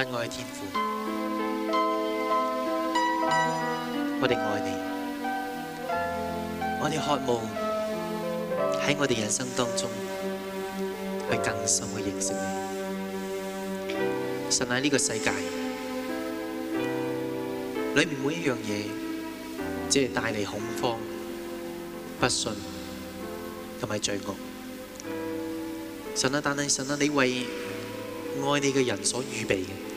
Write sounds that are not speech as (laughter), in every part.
親愛的天父，我哋愛你，我哋渴望喺我哋人生當中去更深去認識你。神喺呢個世界裏面每一樣嘢，只係帶嚟恐慌、不信同埋罪惡。神啊，但係神啊，你為愛你嘅人所預備嘅。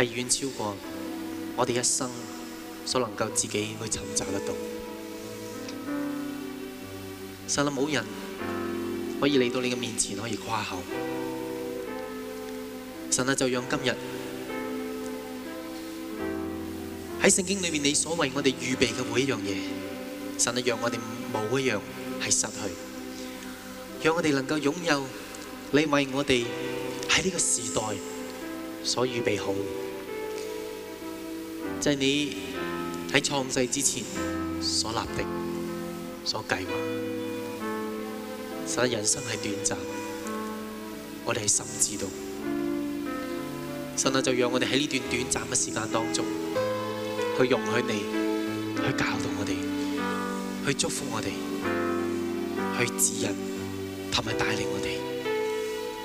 係遠超過我哋一生所能夠自己去尋找得到。神啊，冇人可以嚟到你嘅面前可以誇口。神啊，就讓今日喺聖經裏面你所為我哋預備嘅每一樣嘢，神啊，讓我哋冇一樣係失去，讓我哋能夠擁有你為我哋喺呢個時代所預備好。就係你喺創世之前所立的，所計劃，實人生係短暫，我哋係心知道。神啊，就讓我哋喺呢段短暫嘅時間當中，去容許你，去教導我哋，去祝福我哋，去指引同埋帶領我哋。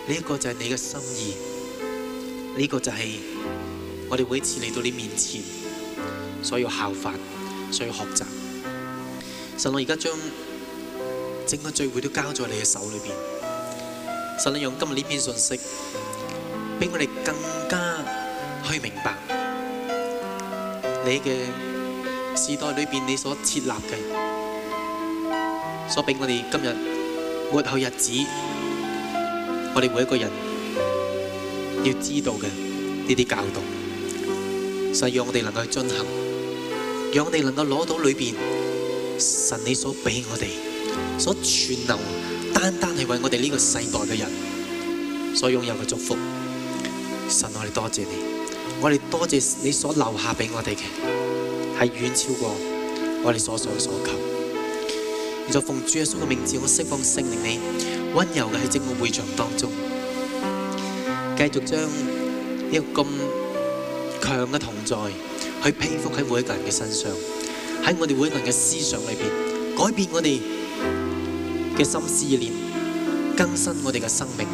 呢、這、一個就係你嘅心意，呢、這個就係我哋每次嚟到你面前，所以要效法，所以要學習。神，我而家將整個聚會都交在你嘅手裏邊。神，你用今日呢篇信息，俾我哋更加去明白你嘅時代裏邊你所設立嘅，所俾我哋今日往後日子，我哋每一個人要知道嘅呢啲教導。神，讓我哋能夠進行。讓我哋能夠攞到裏面神你所俾我哋所全能，單單係為我哋呢個世代嘅人所擁有嘅祝福。神，我哋多謝你，我哋多謝你所留下俾我哋嘅，係遠超過我哋所想所求。而就奉主耶穌嘅名字，我釋放聖靈，你溫柔嘅喺整個會場當中，繼續將一個咁強嘅同在。去披覆喺每一個人嘅身上，喺我哋每一個人嘅思想裏邊改變我哋嘅心思念，更新我哋嘅生命。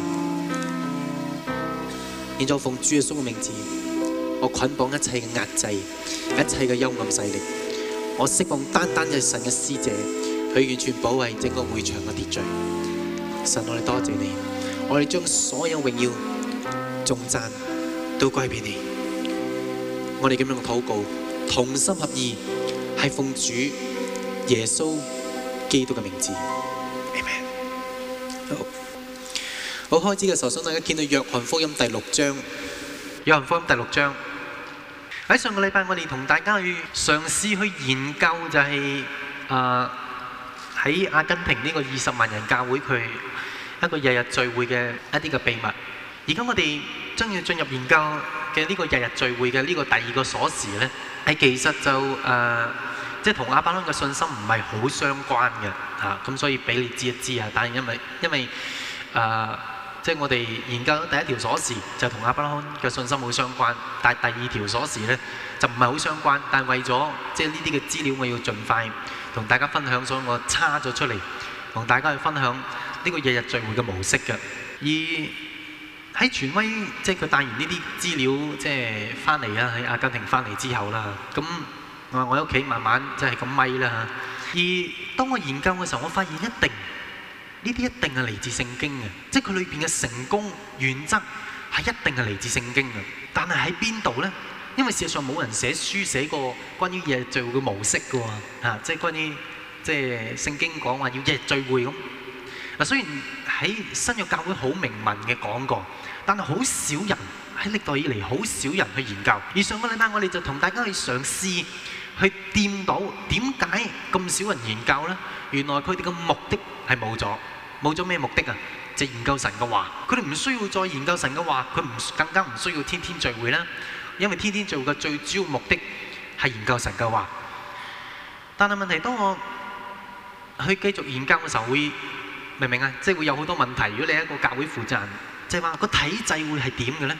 現在奉主耶穌嘅名字，我捆綁一切嘅壓制，一切嘅幽暗勢力。我希望單單有神嘅使者，去完全保衛整個會場嘅秩序。神，我哋多謝你，我哋將所有榮耀、頌讚都歸俾你。我哋咁樣嘅禱告，同心合意，係奉主耶穌基督嘅名字。好，開始嘅時候，想大家見到約翰福音第六章。約翰福音第六章，喺上個禮拜，我哋同大家去嘗試去研究，就係啊喺阿根廷呢個二十萬人教會，佢一個日日聚會嘅一啲嘅秘密。而家我哋將要進入研究。嘅呢個日日聚會嘅呢個第二個鎖匙呢，係其實就誒，即係同亞伯拉罕嘅信心唔係好相關嘅，嚇、啊、咁所以俾你知一知啊。但係因為因為誒，即、呃、係、就是、我哋研究第一條鎖匙就同亞伯拉罕嘅信心好相關，但係第二條鎖匙呢，就唔係好相關。但係為咗即係呢啲嘅資料我要盡快同大家分享，所以我叉咗出嚟同大家去分享呢個日日聚會嘅模式嘅依。喺傳威，即係佢帶完呢啲資料，即係翻嚟啊！喺阿根廷翻嚟之後啦，咁我喺屋企慢慢即係咁咪啦。而當我研究嘅時候，我發現一定呢啲一定係嚟自聖經嘅，即係佢裏邊嘅成功原則係一定係嚟自聖經嘅。但係喺邊度咧？因為事實上冇人寫書寫過關於日聚會嘅模式嘅喎，嚇！即係關於即係聖經講話要日日聚會咁。嗱，雖然喺新約教會好明文嘅講過。但係好少人喺歷代以嚟好少人去研究，而上個禮拜我哋就同大家去嘗試去掂到點解咁少人研究呢？原來佢哋嘅目的係冇咗，冇咗咩目的啊？就研究神嘅話，佢哋唔需要再研究神嘅話，佢唔更加唔需要天天聚會啦。因為天天聚會嘅最主要目的係研究神嘅話。但係問題當我去繼續研究嘅時候，會明唔明啊？即係會有好多問題。如果你係一個教會負責人。就係話個體制會係點嘅咧？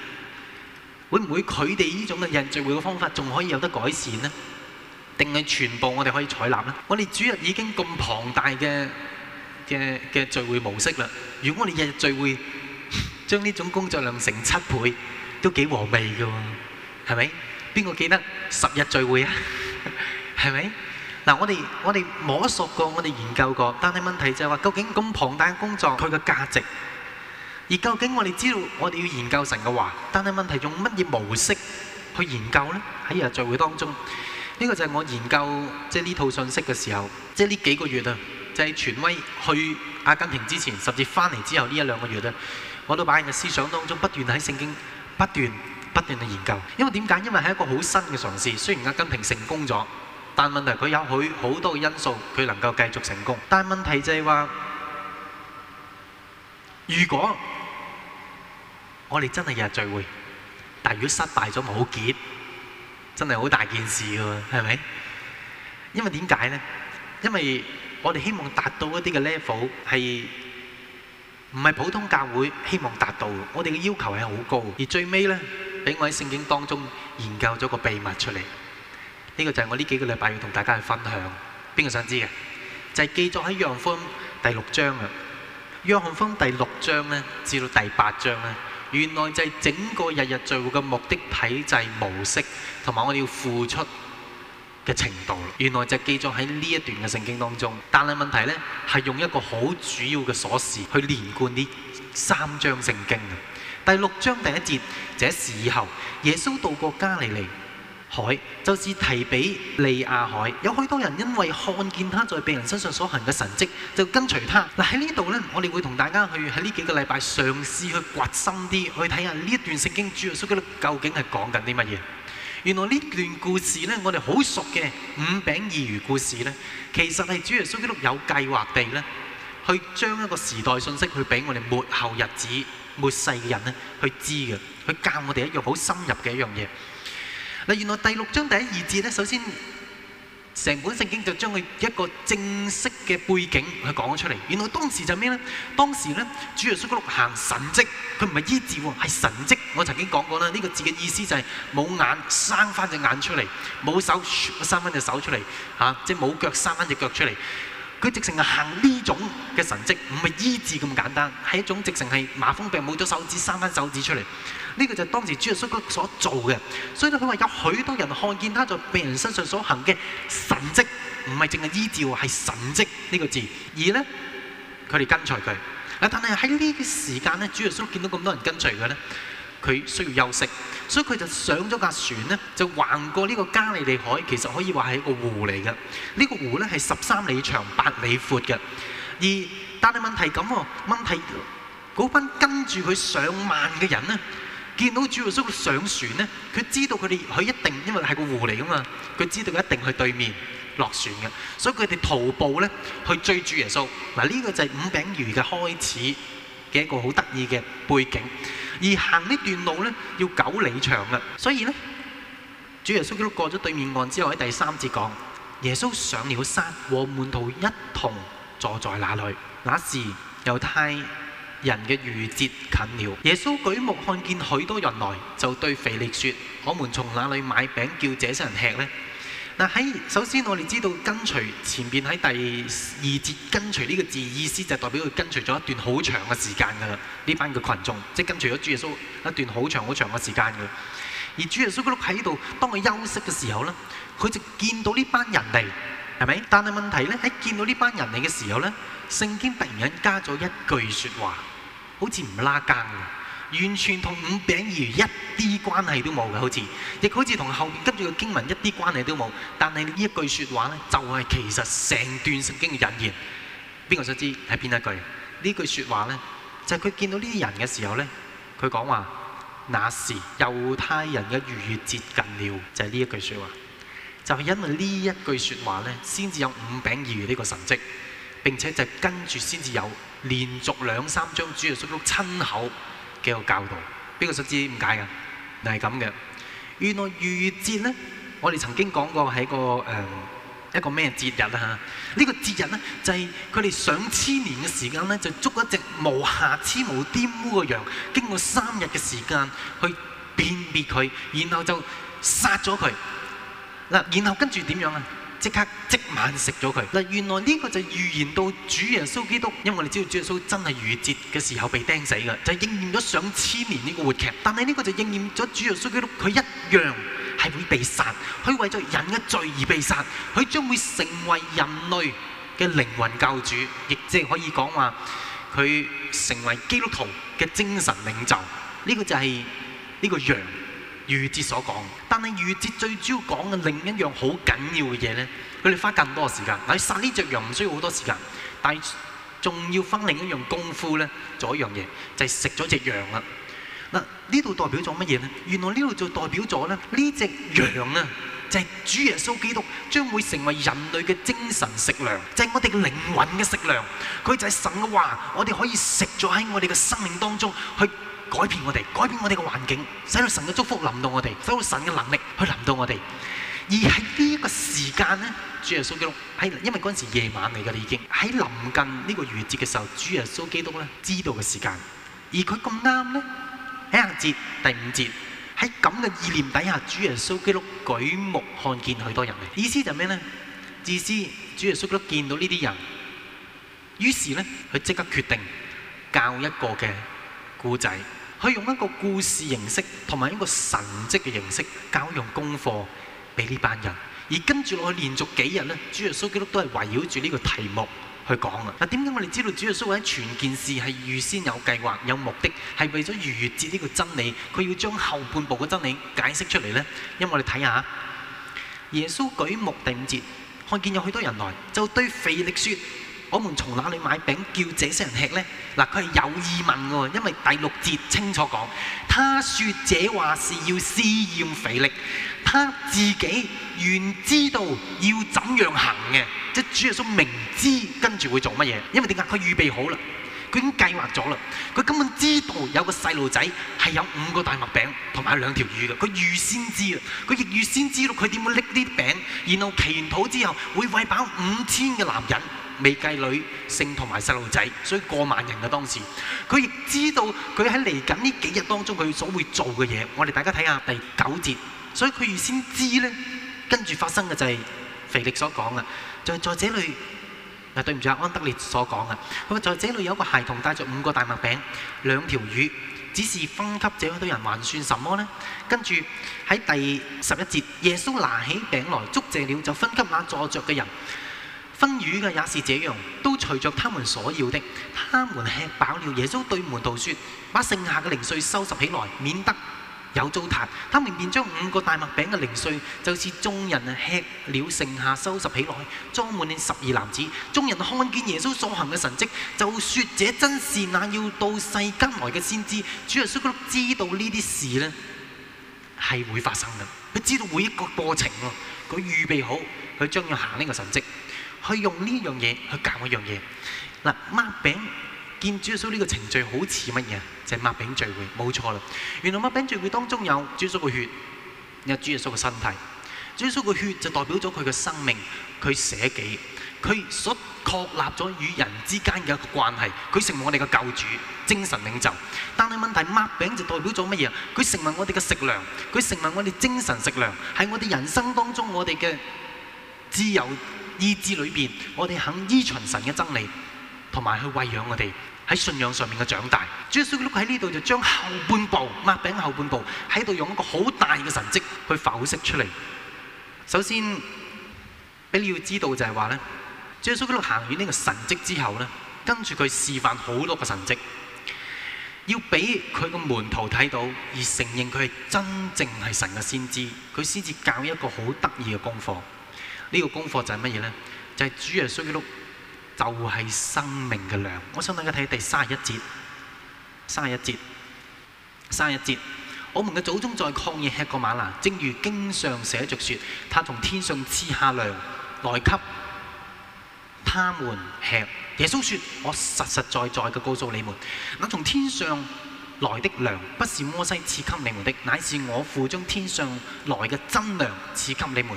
會唔會佢哋呢種嘅日日聚會嘅方法仲可以有得改善咧？定係全部我哋可以採納咧？我哋主日已經咁龐大嘅嘅嘅聚會模式啦。如果我哋日日聚會，將呢種工作量成七倍，都幾和味㗎喎，係咪？邊個記得十日聚會啊？係咪？嗱，我哋我哋摸索過，我哋研究過，但係問題就係話，究竟咁龐大嘅工作佢嘅價值？而究竟我哋知道，我哋要研究神嘅話，但係問題用乜嘢模式去研究咧？喺日聚會當中，呢個就係我研究即係呢套信息嘅時候，即係呢幾個月啊，就係權威去阿根廷之前，甚至翻嚟之後呢一兩個月咧，我都擺喺個思想當中不斷喺聖經不斷不斷去研究。因為點解？因為係一個好新嘅嘗試。雖然阿根廷成功咗，但問題佢有許好多嘅因素，佢能夠繼續成功。但問題就係話。如果我哋真係日日聚會，但係如果失敗咗，咪好結，真係好大件事喎，係咪？因為點解呢？因為我哋希望達到一啲嘅 level 係唔係普通教會希望達到？我哋嘅要求係好高，而最尾呢，俾我喺聖經當中研究咗個秘密出嚟。呢個就係我呢幾個禮拜要同大家去分享。邊個想知嘅？就係記載喺《約翰福音》第六章啊！約翰福音第六章呢，至到第八章呢，原來就係整個日日聚會嘅目的、體制、模式，同埋我哋要付出嘅程度。原來就記咗喺呢一段嘅聖經當中，但係問題呢，係用一個好主要嘅鎖匙去連貫呢三章聖經。第六章第一節，這時候耶穌到過加利利。海就是提比利亞海，有好多人因為看見他在病人身上所行嘅神蹟，就跟隨他。嗱，喺呢度咧，我哋會同大家去喺呢幾個禮拜嘗試去掘深啲，去睇下呢一段聖經主耶穌基督究竟係講緊啲乜嘢。原來呢段故事咧，我哋好熟嘅五餅二魚故事咧，其實係主耶穌基督有計劃地咧，去將一個時代信息去俾我哋末後日子末世嘅人咧去知嘅，去教我哋一樣好深入嘅一樣嘢。嗱，原來第六章第一二節咧，首先成本聖經就將佢一個正式嘅背景去講咗出嚟。原來當時就係咩咧？當時咧，主耶穌基督行神蹟，佢唔係醫治喎，係神蹟。我曾經講過啦，呢、這個字嘅意思就係、是、冇眼生翻隻眼出嚟，冇手生翻隻手出嚟，嚇、啊，即係冇腳生翻隻腳出嚟。佢直情係行呢種嘅神跡，唔係醫治咁簡單，係一種直情係麻風病冇咗手指生翻手指出嚟。呢個就當時主耶穌所做嘅，所以咧佢話有許多人看見他在病人身上所行嘅神跡，唔係淨係醫治，係神跡呢個字，而咧佢哋跟隨佢。但係喺呢個時間咧，主耶穌見到咁多人跟隨佢咧。佢需要休息，所以佢就上咗架船咧，就橫過呢個加利利海，其實可以話係一個湖嚟嘅。呢個湖咧係十三里長、八里闊嘅。而但係問題咁喎，問題嗰班跟住佢上岸嘅人咧，見到主耶穌上船咧，佢知道佢哋佢一定因為係個湖嚟噶嘛，佢知道佢一定去對面落船嘅，所以佢哋徒步咧去追住耶穌。嗱，呢個就係五餅魚嘅開始嘅一個好得意嘅背景。而行呢段路呢，要九里長啊，所以呢，主耶穌經過咗對面岸之後，喺第三節講：耶穌上了山，和門徒一同坐在那裏。那時猶太人嘅逾節近了，耶穌舉目看見許多人來，就對腓力說：我們從哪裏買餅叫這些人吃呢？」「喺首先我哋知道跟隨，前邊喺第二節跟隨」呢個字意思就代表佢跟隨咗一段好長嘅時間噶啦，呢班嘅群眾即係跟隨咗主耶穌一段好長好長嘅時間嘅。而主耶穌嗰碌喺度，當佢休息嘅時候咧，佢就見到呢班人嚟，係咪？但係問題咧，喺見到呢班人嚟嘅時候咧，聖經突然間加咗一句説話，好似唔拉更㗎。完全同五餅二魚一啲關係都冇嘅，好似亦好似同後面跟住嘅經文一啲關係都冇。但係呢一句説話呢，就係、是、其實成段聖經嘅引言。邊個想知係邊一句？呢句説話呢，就係、是、佢見到呢啲人嘅時候呢，佢講話：那時猶太人嘅逾越接近了，就係呢一句説話。就係、是、因為呢一句説話呢，先至有五餅二魚呢個神跡，並且就跟住先至有連續兩三章主耶穌親口，幾個教導，邊個想知唔解嘅，就係咁嘅。原來逾越節咧，我哋曾經講過喺個誒一個咩、呃、節日啊嚇？呢、這個節日咧就係佢哋上千年嘅時間咧，就捉一隻無瑕疵無玷污嘅羊，經過三日嘅時間去辨別佢，然後就殺咗佢。嗱，然後跟住點樣啊？即刻即晚食咗佢。嗱，原來呢個就預言到主耶穌基督，因為我哋知道主耶穌真係逾節嘅時候被釘死嘅，就應驗咗上千年呢個活劇。但係呢個就應驗咗主耶穌基督，佢一樣係會被殺，佢為咗人嘅罪而被殺，佢將會成為人類嘅靈魂教主，亦即係可以講話佢成為基督徒嘅精神領袖。呢個就係呢個羊。預節所講，但係預節最主要講嘅另一樣好緊要嘅嘢呢，佢哋花更多時間。嗱，殺呢隻羊唔需要好多時間，但係仲要分另一樣功夫呢，做一樣嘢，就係食咗隻羊啦。嗱，呢度代表咗乜嘢呢？原來呢度就代表咗呢，呢隻羊啊，就係主耶穌基督將會成為人類嘅精神食糧，就係我哋嘅靈魂嘅食糧。佢就係神嘅話，我哋可以食咗喺我哋嘅生命當中去。改變我哋，改變我哋嘅環境，使到神嘅祝福臨到我哋，使到神嘅能力去臨到我哋。而喺呢一個時間咧，主耶穌基督喺因為嗰陣時夜晚嚟噶啦，已經喺臨近呢個逾節嘅時候，主耶穌基督咧知道嘅時間。而佢咁啱咧，喺下節第五節喺咁嘅意念底下，主耶穌基督舉目看見許多人嚟，意思就咩咧？意思，主耶穌基督見到呢啲人，於是咧佢即刻決定教一個嘅古仔。佢用一個故事形式同埋一個神蹟嘅形式教用功課俾呢班人，而跟住落去連續幾日咧，主耶穌基督都係圍繞住呢個題目去講啊。嗱，點解我哋知道主耶穌喺全件事係預先有計劃、有目的，係為咗逾越節呢個真理，佢要將後半部嘅真理解釋出嚟呢？因為我哋睇下，耶穌舉目第五節，看見有許多人來，就對腓力說。我們從哪裡買餅叫這些人吃呢？嗱，佢係有意問㗎，因為第六節清楚講，他説這話是要試驗腓力，他自己原知道要怎樣行嘅，即係主耶穌明知跟住會做乜嘢，因為點解？佢預備好啦，佢已經計劃咗啦，佢根本知道有個細路仔係有五個大麥餅同埋有兩條魚嘅，佢預先知啊，佢亦預先知道佢點樣搦啲餅，然後祈禱之後會餵飽五千嘅男人。未計女性同埋細路仔，所以過萬人嘅當時，佢亦知道佢喺嚟緊呢幾日當中佢所會做嘅嘢。我哋大家睇下第九節，所以佢預先知呢，跟住發生嘅就係腓力所講嘅，就係在這裡。啊，對唔住啊，安德烈所講嘅，佢話在這裡有個孩童帶著五個大麥餅、兩條魚，只是分給這許多人還算什麼呢？跟住喺第十一節，耶穌拿起餅來，祝謝了，就分給那坐着嘅人。分魚嘅也是這樣，都隨着他們所要的。他們吃飽了，耶穌對門徒説：把剩下嘅零碎收拾起來，免得有糟蹋。他們便將五個大麥餅嘅零碎，就似、是、眾人吃了剩下收拾起來，裝滿了十二籃子。眾人看見耶穌所行嘅神跡，就説：這真是那要到世間來嘅先知。主耶穌知道呢啲事呢係會發生嘅。佢知道每一個過程喎，佢預備好，佢將要行呢個神跡。去用呢樣嘢去教一樣嘢。嗱，擘餅見主耶穌呢個程序好似乜嘢？就係、是、擘餅聚會，冇錯啦。原來擘餅聚會當中有主耶穌嘅血，有主耶穌嘅身體。主耶穌嘅血就代表咗佢嘅生命，佢捨己，佢所確立咗與人之間嘅一個關係。佢成為我哋嘅救主，精神領袖。但係問題，擘餅就代表咗乜嘢？佢成為我哋嘅食糧，佢成為我哋精神食糧，係我哋人生當中我哋嘅自由。意志裏面，我哋肯依循神嘅真理，同埋去餵養我哋喺信仰上面嘅長大。主耶穌基督喺呢度就將後半部，擘餅後半部，喺度用一個好大嘅神蹟去剖析出嚟。首先，俾你要知道就係話咧，主耶穌基督行完呢個神蹟之後呢，跟住佢示範好多個神蹟，要俾佢嘅門徒睇到而承認佢係真正係神嘅先知，佢先至教一個好得意嘅功課。呢個功課就係乜嘢呢？就係、是、主耶穌就係生命嘅糧。我想大家睇第三十一節，三十一節，三十一節。我們嘅祖宗在曠野吃過嗎哪，正如經上寫着説：他從天上賜下糧來給他們吃。耶穌説：我實實在在嘅告訴你們，我從天上來的糧不是摩西賜給你們的，乃是我父將天上來嘅真糧賜給你們。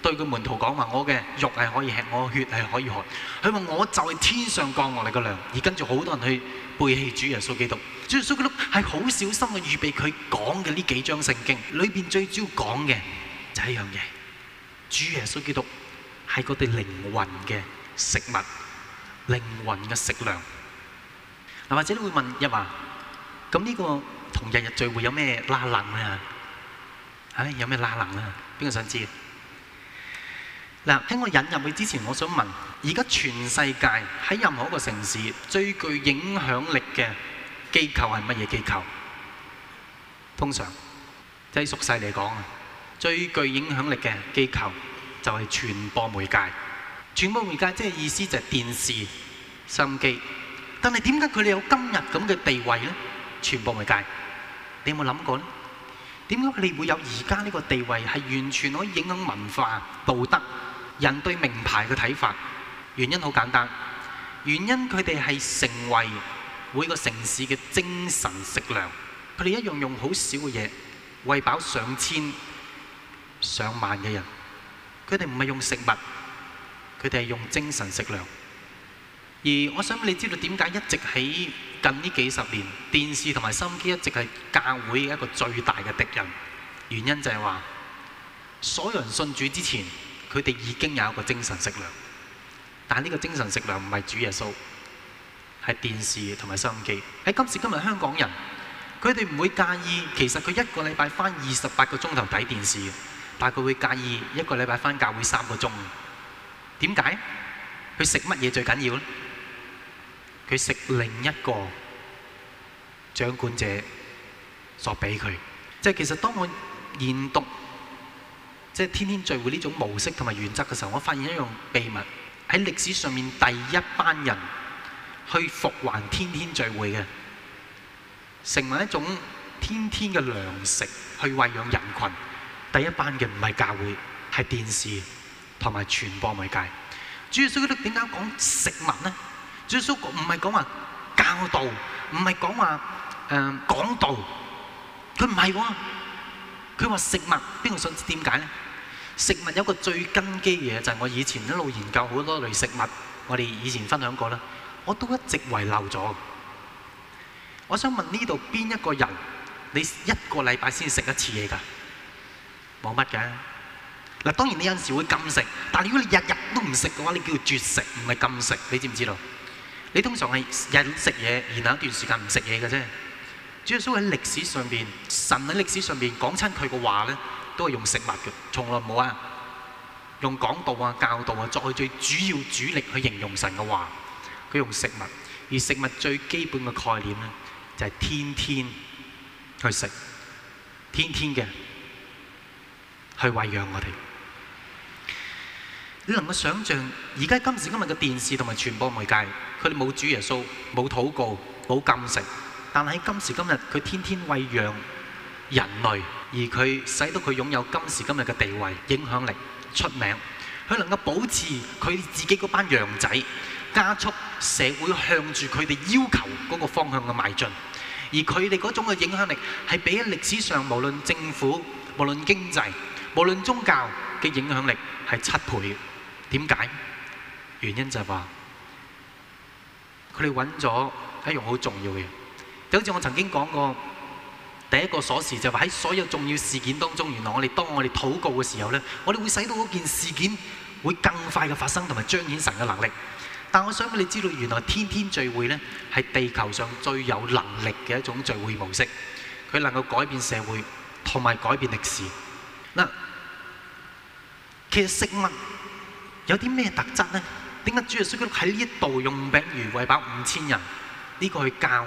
對個門徒講話：我嘅肉係可以吃，我嘅血係可以喝。佢話我就係天上降落嚟嘅糧，而跟住好多人去背棄主耶穌基督。主耶穌基督係好小心去預備佢講嘅呢幾章聖經裏邊最主要講嘅就係一樣嘢：主耶穌基督係佢哋靈魂嘅食物、靈魂嘅食糧。嗱，或者會問日華：咁呢個同日日聚會有咩拉能啊？吓，有咩拉能啊？邊個想知？嗱，喺我引入去之前，我想問：而家全世界喺任何一個城市最具影響力嘅機構係乜嘢機構？通常，即係俗世嚟講啊，最具影響力嘅機構就係傳播媒介。傳播媒介即係意思就係電視、收音機。但係點解佢哋有今日咁嘅地位呢？傳播媒介，你有冇諗過呢？點解佢哋會有而家呢個地位，係完全可以影響文化、道德？人對名牌嘅睇法，原因好簡單，原因佢哋係成為每個城市嘅精神食糧，佢哋一樣用好少嘅嘢，餵飽上千上萬嘅人，佢哋唔係用食物，佢哋係用精神食糧。而我想你知道點解一直喺近呢幾十年，電視同埋手機一直係教會一個最大嘅敵人，原因就係話，所有人信主之前。佢哋已經有一個精神食糧，但係呢個精神食糧唔係主耶穌，係電視同埋收音機。喺今時今日香港人，佢哋唔會介意，其實佢一個禮拜返二十八個鐘頭睇電視，但係佢會介意一個禮拜返教會三個鐘。點解？佢食乜嘢最緊要咧？佢食另一個掌管者所俾佢。即係其實當我研讀。即係天天聚會呢種模式同埋原則嘅時候，我發現一樣秘密喺歷史上面第一班人去復還天天聚會嘅，成為一種天天嘅糧食去喂養人群。第一班嘅唔係教會，係電視同埋傳播媒介。主耶穌嗰啲點解講食物咧？主耶穌唔係講話教導，唔係講話誒講道，佢唔係喎。佢話食物邊個想知點解咧？食物有一個最根基嘅嘢就係、是、我以前一路研究好多類食物，我哋以前分享過啦，我都一直遺留咗。我想問呢度邊一個人，你一個禮拜先食一次嘢㗎？冇乜嘅。嗱，當然你有時會禁食，但係如果你日日都唔食嘅話，你叫做絕食，唔係禁食，你知唔知道？你通常係日食嘢，然後一段時間唔食嘢嘅啫。主要喺歷史上邊，神喺歷史上邊講親佢嘅話咧。都係用食物嘅，從來冇啊！用講道啊、教導啊作為最主要主力去形容神嘅話，佢用食物，而食物最基本嘅概念咧，就係天天去食，天天嘅去餵養我哋。你能夠想象而家今時今日嘅電視同埋傳播媒介，佢哋冇主耶穌、冇禱告、冇禁食，但係喺今時今日，佢天天餵養人類。而佢使到佢擁有今時今日嘅地位、影響力、出名，佢能夠保持佢自己嗰班羊仔，加速社會向住佢哋要求嗰個方向嘅邁進。而佢哋嗰種嘅影響力係比喺歷史上無論政府、無論經濟、無論宗教嘅影響力係七倍。點解？原因就係話佢哋揾咗一樣好重要嘅嘢，就好似我曾經講過。第一個鎖匙就話喺所有重要事件當中，原來我哋當我哋禱告嘅時候咧，我哋會使到嗰件事件會更快嘅發生，同埋彰顯神嘅能力。但我想俾你知道，原來天天聚會咧係地球上最有能力嘅一種聚會模式，佢能夠改變社會同埋改變歷史。嗱，其實食物有啲咩特質咧？點解主耶穌喺呢一度用餅魚餵飽五千人？呢、這個去教。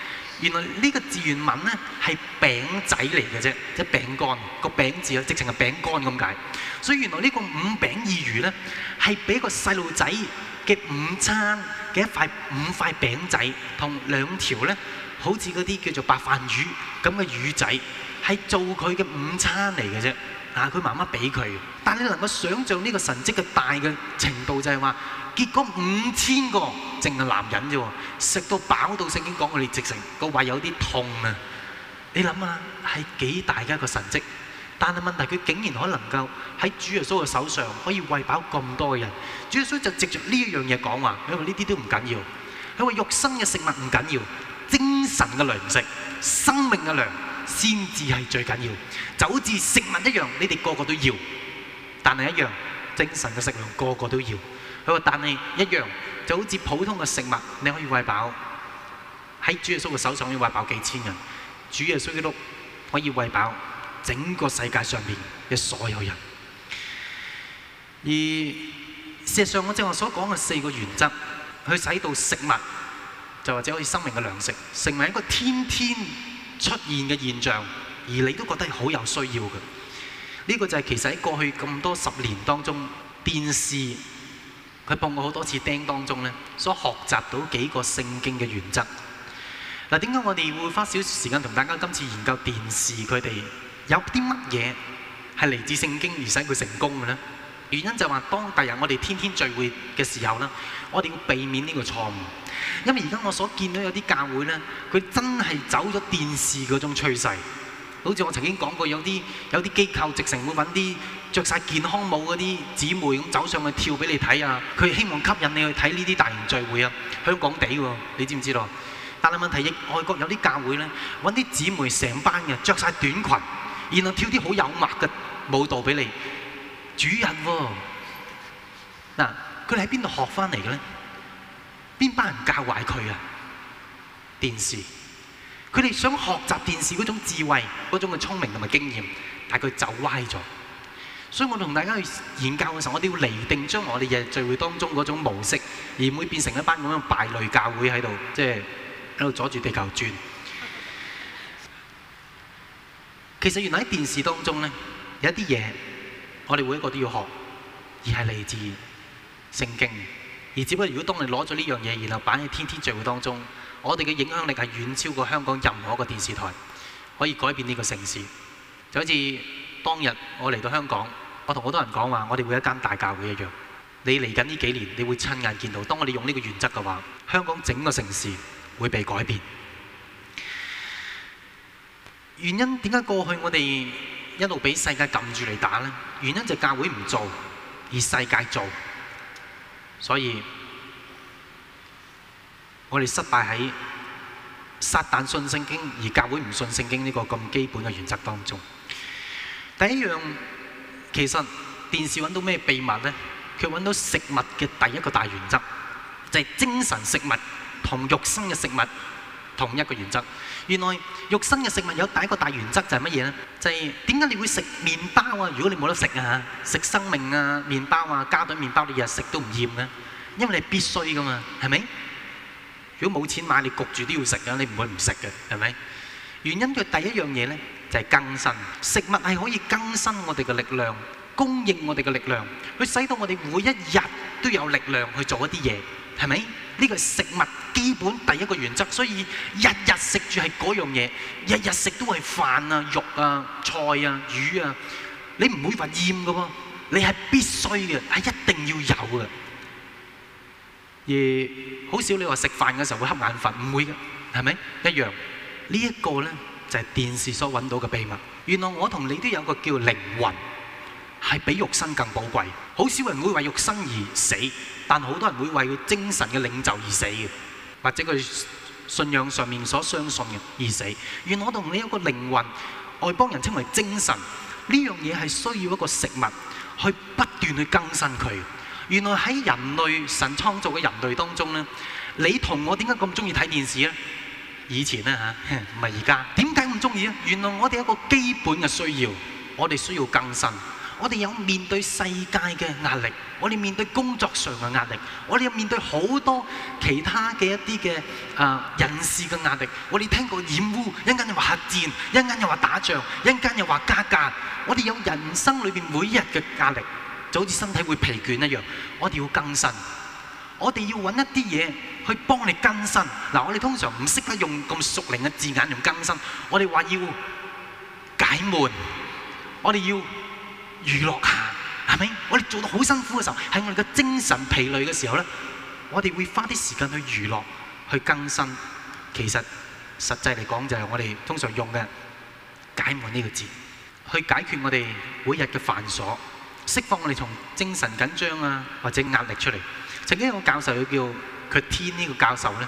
原來呢個字原文咧係餅仔嚟嘅啫，即係餅乾個餅字啊，直情係餅乾咁解。所以原來呢個五餅二魚咧係俾個細路仔嘅午餐嘅一塊五塊餅仔同兩條咧，好似嗰啲叫做白飯魚咁嘅魚仔，係做佢嘅午餐嚟嘅啫。啊，佢媽媽俾佢，但你能夠想像呢個神蹟嘅大嘅程度就係話。結果五千個淨係男人啫，食到飽到，聖經講我哋直情個胃有啲痛啊！你諗下，係幾大嘅一個神蹟？但係問題佢竟然可能夠喺主耶穌嘅手上可以餵飽咁多嘅人，主耶穌就藉著呢一樣嘢講話，因為呢啲都唔緊要，因為肉身嘅食物唔緊要，精神嘅糧食、生命嘅糧先至係最緊要。就好似食物一樣，你哋個個都要，但係一樣精神嘅食糧個個都要。佢話：但係一樣就好似普通嘅食物，你可以餵飽喺主耶穌嘅手上，可以餵飽幾千人。主耶穌嘅碌可以餵飽整個世界上面嘅所有人。而事實上，我正話所講嘅四個原則，去使到食物就或者好似生命嘅糧食，成為一個天天出現嘅現象，而你都覺得好有需要嘅。呢個就係其實喺過去咁多十年當中，電視。佢碰過好多次釘當中咧，所學習到幾個聖經嘅原則。嗱，點解我哋會花少少時間同大家今次研究電視佢哋有啲乜嘢係嚟自聖經而使佢成功嘅咧？原因就話當第日我哋天天聚會嘅時候啦，我哋要避免呢個錯誤，因為而家我所見到有啲教會咧，佢真係走咗電視嗰種趨勢，好似我曾經講過，有啲有啲機構直情會揾啲，着晒健康舞嗰啲姊妹咁走上去跳俾你睇啊！佢希望吸引你去睇呢啲大型聚會啊。香港地喎，你知唔知道？但係問題，外國有啲教會咧，揾啲姊妹成班嘅，着晒短裙，然後跳啲好幽默嘅舞蹈俾你。主人嗱、哦，佢哋喺邊度學翻嚟嘅咧？邊班人教壞佢啊？電視，佢哋想學習電視嗰種智慧、嗰種嘅聰明同埋經驗，但係佢走歪咗。所以我同大家去研究嘅時候，我哋要釐定將來我哋嘅聚會當中嗰種模式，而唔會變成一班咁樣敗類教會喺度，即係喺度阻住地球轉。其實原來喺電視當中咧，有一啲嘢我哋每一個都要學，而係嚟自聖經。而只不過，如果當我哋攞咗呢樣嘢，然後擺喺天天聚會當中，我哋嘅影響力係遠超過香港任何一個電視台，可以改變呢個城市。就好似當日我嚟到香港。我同好多人講話，我哋會一間大教會一樣。你嚟緊呢幾年，你會親眼見到，當我哋用呢個原則嘅話，香港整個城市會被改變。原因點解過去我哋一路俾世界撳住嚟打呢？原因就教會唔做，而世界做。所以我哋失敗喺撒但信聖經，而教會唔信聖經呢個咁基本嘅原則當中。第一樣。其實電視揾到咩秘密呢？佢揾到食物嘅第一個大原則，就係精神食物同肉身嘅食物同一個原則。原來肉身嘅食物有第一個大原則就係乜嘢呢？就係點解你會食麵包啊？如果你冇得食啊，食生命啊，麵包啊，加堆麵包你日日食都唔厭嘅，因為你係必須噶嘛，係咪？如果冇錢買你焗住都要食啊，你唔會唔食嘅，係咪？原因嘅第一樣嘢呢，就係更新食物係可以更新我哋嘅力量，供應我哋嘅力量，去使到我哋每一日都有力量去做一啲嘢，係咪？呢個食物基本第一個原則，所以日日食住係嗰樣嘢，日日食都係飯啊、肉啊、菜啊、魚啊，你唔會發厭㗎喎，你係必須嘅，係一定要有嘅。而好少你話食飯嘅時候會瞌眼瞓，唔會嘅，係咪一樣？呢一個咧。就係電視所揾到嘅秘密。原來我同你都有個叫靈魂，係比肉身更寶貴。好少人會為肉身而死，但好多人會為佢精神嘅領袖而死嘅，或者佢信仰上面所相信嘅而死。原來我同你有個靈魂，外邦人稱為精神。呢樣嘢係需要一個食物去不斷去更新佢。原來喺人類神創造嘅人類當中咧，你同我點解咁中意睇電視咧？以前咧嚇，唔係而家。點解？咁中意啊！原來我哋有一個基本嘅需要，我哋需要更新。我哋有面對世界嘅壓力，我哋面對工作上嘅壓力，我哋又面對好多其他嘅一啲嘅啊人事嘅壓力。我哋聽過染污，一陣間又話核戰，一陣間又話打仗，一陣間又話加價。我哋有人生裏邊每一日嘅壓力，就好似身體會疲倦一樣。我哋要更新。我哋要揾一啲嘢去幫你更新。嗱，我哋通常唔識得用咁熟靈嘅字眼嚟更新。我哋話要解悶，我哋要娛樂下，係咪？我哋做到好辛苦嘅時候，喺我哋嘅精神疲累嘅時候咧，我哋會花啲時間去娛樂，去更新。其實實際嚟講，就係我哋通常用嘅解悶呢個字，去解決我哋每日嘅煩瑣，釋放我哋從精神緊張啊或者壓力出嚟。曾經有一個教授，佢叫佢天，呢個教授呢，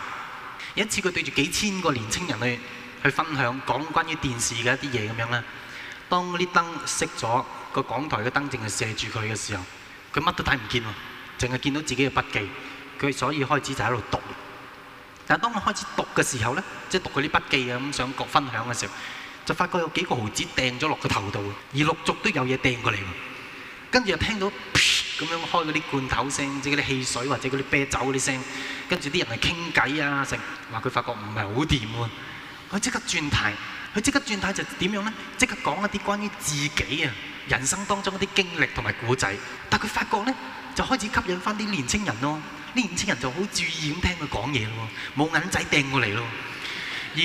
有一次佢對住幾千個年青人去去分享，講關於電視嘅一啲嘢咁樣咧。當啲燈熄咗，個講台嘅燈淨係射住佢嘅時候，佢乜都睇唔見喎，淨係見到自己嘅筆記。佢所以開始就喺度讀。但係當我開始讀嘅時候呢，即係讀佢啲筆記啊咁，想各分享嘅時候，就發覺有幾個毫子掟咗落個頭度，而陸續都有嘢掟過嚟。跟住又聽到噗噉樣開嗰啲罐頭聲，即係嗰啲汽水或者嗰啲啤酒嗰啲聲。跟住啲人係傾偈啊，成話佢發覺唔係好掂喎。佢即刻轉態，佢即刻轉態就點樣咧？即刻講一啲關於自己啊，人生當中啲經歷同埋故仔。但係佢發覺咧，就開始吸引翻啲年青人咯。啲年青人就好注意咁聽佢講嘢咯，冇眼仔掟過嚟咯。而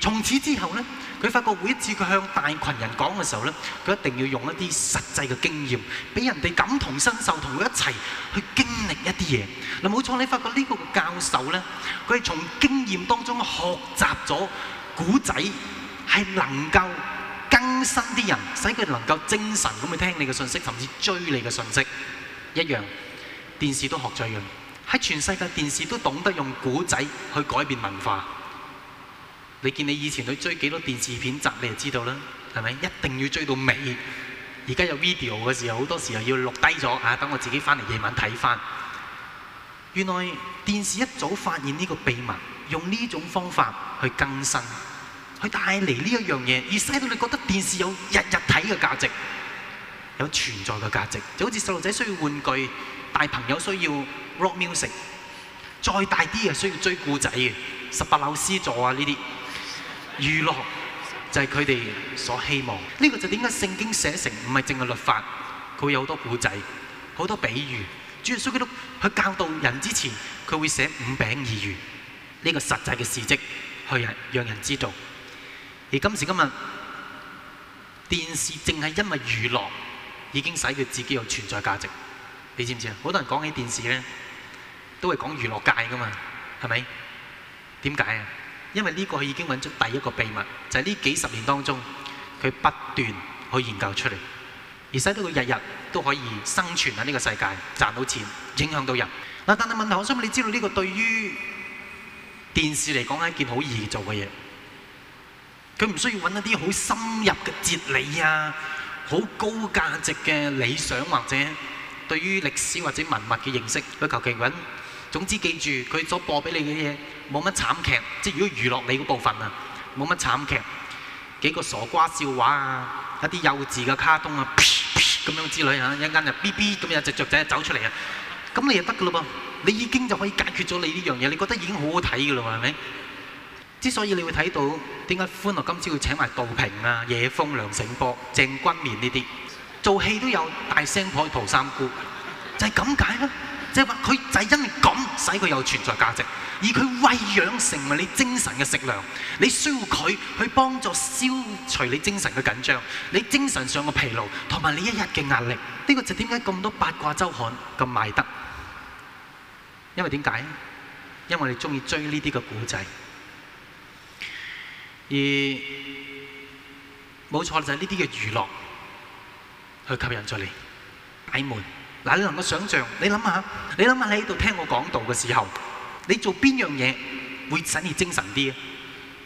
從此之後咧。佢發覺每一次佢向大羣人講嘅時候呢，佢一定要用一啲實際嘅經驗，俾人哋感同身受，同佢一齊去經歷一啲嘢。嗱，冇錯，你發覺呢個教授呢，佢係從經驗當中學習咗古仔係能夠更新啲人，使佢哋能夠精神咁去聽你嘅信息，甚至追你嘅信息一樣。電視都學咗一樣，喺全世界電視都懂得用古仔去改變文化。你見你以前去追幾多電視片集，你就知道啦，係咪？一定要追到尾。而家有 video 嘅時候，好多時候要錄低咗啊，等我自己翻嚟夜晚睇翻。原來電視一早發現呢個秘密，用呢種方法去更新，去帶嚟呢一樣嘢，而使到你覺得電視有日日睇嘅價值，有存在嘅價值。就好似細路仔需要玩具，大朋友需要 rock music，再大啲啊需要追故仔嘅《十八樓 C 座》啊呢啲。娛樂就係佢哋所希望，呢個就點解聖經寫成唔係淨係律法，佢有好多古仔、好多比喻。主耶穌基督，佢教導人之前，佢會寫五餅二魚呢個實際嘅事蹟，去讓人知道。而今時今日，電視淨係因為娛樂已經使佢自己有存在價值。你知唔知啊？好多人講起電視咧，都係講娛樂界噶嘛，係咪？點解啊？因為呢個佢已經揾咗第一個秘密，就係呢幾十年當中，佢不斷去研究出嚟，而使到佢日日都可以生存喺呢個世界，賺到錢，影響到人。嗱，但係問題，我想問你知道呢個對於電視嚟講係一件好易做嘅嘢，佢唔需要揾一啲好深入嘅哲理啊，好高價值嘅理想或者對於歷史或者文物嘅認識，佢求其揾。總之記住，佢所播俾你嘅嘢。冇乜慘劇，即係如果娛樂你嗰部分啊，冇乜慘劇，幾個傻瓜笑話啊，一啲幼稚嘅卡通啊，咁樣之類嚇，一陣間就嗶嗶咁有隻雀仔走出嚟啊，咁你就得噶嘞噃，你已經就可以解決咗你呢樣嘢，你覺得已經好好睇噶嘞嘛，係咪？之所以你會睇到點解歡樂今朝會請埋杜平啊、野風、梁醒波、鄭君綿呢啲做戲都有大聲婆、陶三姑，就係咁解啦。即係話佢就係因為咁，使佢有存在價值，而佢餵養成為你精神嘅食糧，你需要佢去幫助消除你精神嘅緊張，你精神上嘅疲勞同埋你一日嘅壓力。呢個就點解咁多八卦周刊咁賣得？因為點解？因為你中意追呢啲嘅古仔，而冇錯就係呢啲嘅娛樂去吸引咗你，解悶。嗱，你能夠想象？你諗下，你諗下，你喺度聽我講道嘅時候，你做邊樣嘢會使你精神啲啊？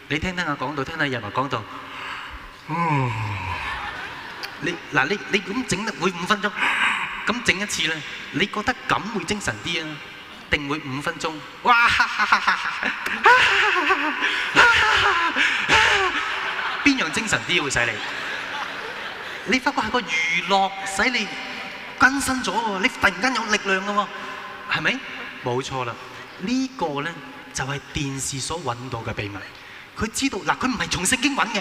你聽聽下講道，聽聽人話講道。嗯，你嗱你你咁整得每五分鐘，咁整一次咧，你覺得咁會精神啲啊？定會五分鐘？哇！邊樣精神啲會使你？你發覺係個娛樂使你。更新咗喎，你突然間有力量嘅喎，係咪？冇錯啦，呢個呢就係電視所揾到嘅秘密。佢知道嗱，佢唔係從聖經揾嘅，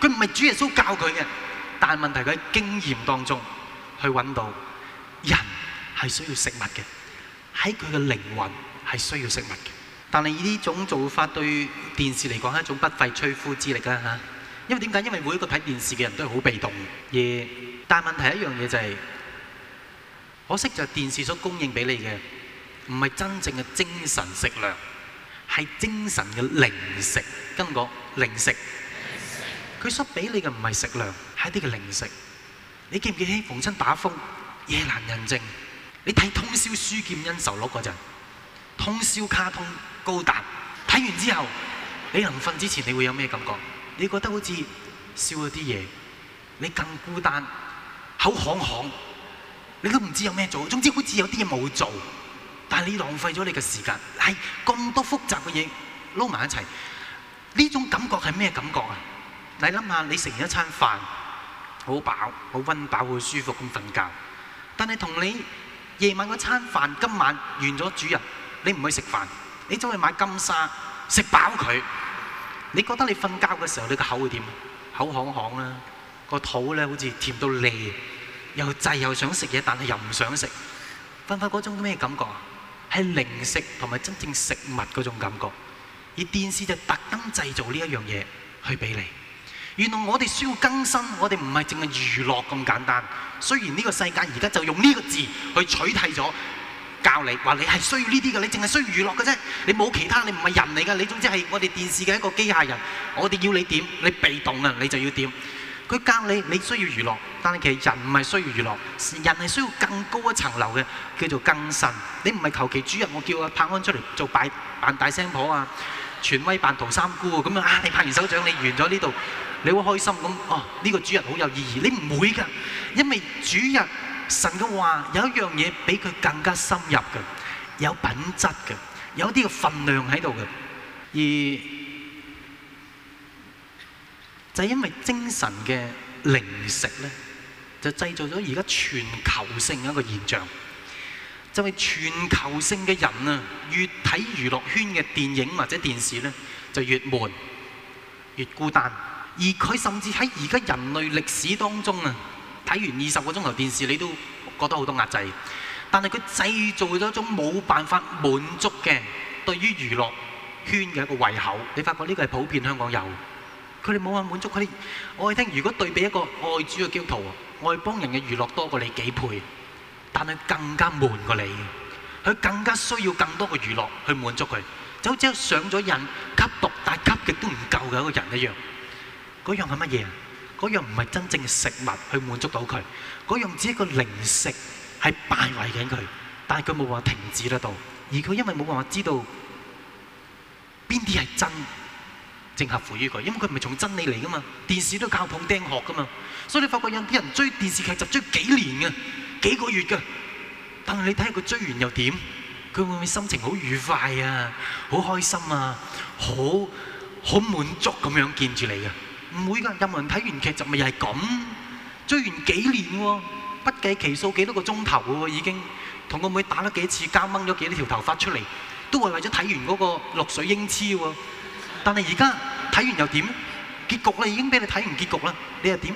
佢唔係主耶穌教佢嘅，但係問題佢喺經驗當中去揾到人係需要食物嘅，喺佢嘅靈魂係需要食物嘅。但係呢種做法對電視嚟講係一種不費吹灰之力嘅嚇，因為點解？因為每個睇電視嘅人都係好被動嘅，而但係問題一樣嘢就係。可惜就係電視所供應俾你嘅，唔係真正嘅精神食糧，係精神嘅零食。噉講，零食，佢所俾你嘅唔係食糧，係一啲嘅零食。你記唔記起逢親打風夜闌人靜？你睇通宵《書劍恩仇錄》嗰陣，通宵卡通《高達》，睇完之後，你臨瞓之前你會有咩感覺？你覺得好似少咗啲嘢，你更孤單，口戇戇。你都唔知有咩做，總之好似有啲嘢冇做，但係你浪費咗你嘅時間。係、哎、咁多複雜嘅嘢撈埋一齊，呢種感覺係咩感覺啊？你諗下，你食完一餐飯，好飽，好温飽，好舒服咁瞓覺。但係同你夜晚嗰餐飯，今晚完咗主人，你唔去食飯，你走去買金沙食飽佢，你覺得你瞓覺嘅時候，你個口會點？口戇戇啦，個肚咧好似甜到脷，又滯又想食嘢，但係又唔想食，瞓翻嗰種咩感覺啊？係零食同埋真正食物嗰種感覺。而電視就特登製造呢一樣嘢去俾你。原來我哋需要更新，我哋唔係淨係娛樂咁簡單。雖然呢個世界而家就用呢個字去取締咗，教你話你係需要呢啲嘅，你淨係需要娛樂嘅啫。你冇其他，你唔係人嚟嘅，你總之係我哋電視嘅一個機械人。我哋要你點，你被動啊，你就要點。佢教你你需要娛樂，但係其實人唔係需要娛樂，人係需要更高一層樓嘅，叫做更神。你唔係求其主日我叫阿柏安出嚟做扮扮大聲婆啊，全威扮陶三姑啊，咁樣啊你拍完手掌你完咗呢度，你好開心咁哦呢個主日好有意義，你唔會㗎，因為主日神嘅話有一樣嘢比佢更加深入嘅，有品質嘅，有啲嘅分量喺度嘅而。就係因為精神嘅零食呢，就製造咗而家全球性嘅一個現象。就係全球性嘅人啊，越睇娛樂圈嘅電影或者電視呢，就越悶、越孤單。而佢甚至喺而家人類歷史當中啊，睇完二十個鐘頭電視，你都覺得好多壓制。但係佢製造咗一種冇辦法滿足嘅對於娛樂圈嘅一個胃口。你發覺呢個係普遍香港有。佢哋冇話滿足佢哋。我哋聽，如果對比一個愛主嘅基督徒，外邦人嘅娛樂多過你幾倍，但係更加悶過你。佢更加需要更多嘅娛樂去滿足佢，就好似上咗癮吸毒，但係吸極都唔夠嘅一個人一樣。嗰樣係乜嘢？嗰樣唔係真正嘅食物去滿足到佢，嗰樣只係一個零食，係敗壞緊佢。但係佢冇辦法停止得到，而佢因為冇辦法知道邊啲係真。正合乎於佢，因為佢唔係從真理嚟噶嘛，電視都靠碰釘學噶嘛，所以你發覺有啲人追電視劇集追幾年啊，幾個月㗎，但係你睇下佢追完又點？佢會唔會心情好愉快啊？好開心啊？好好滿足咁樣見住你呀？唔會㗎，任何人睇完劇集咪又係咁追完幾年喎，不計其數幾多個鐘頭喎已經，同個妹打咗幾次交，掹咗幾多條頭髮出嚟，都係為咗睇完嗰個《落水英雌》喎。但是係而家睇完又點咧？結局咧已經俾你睇完結局啦，你又點？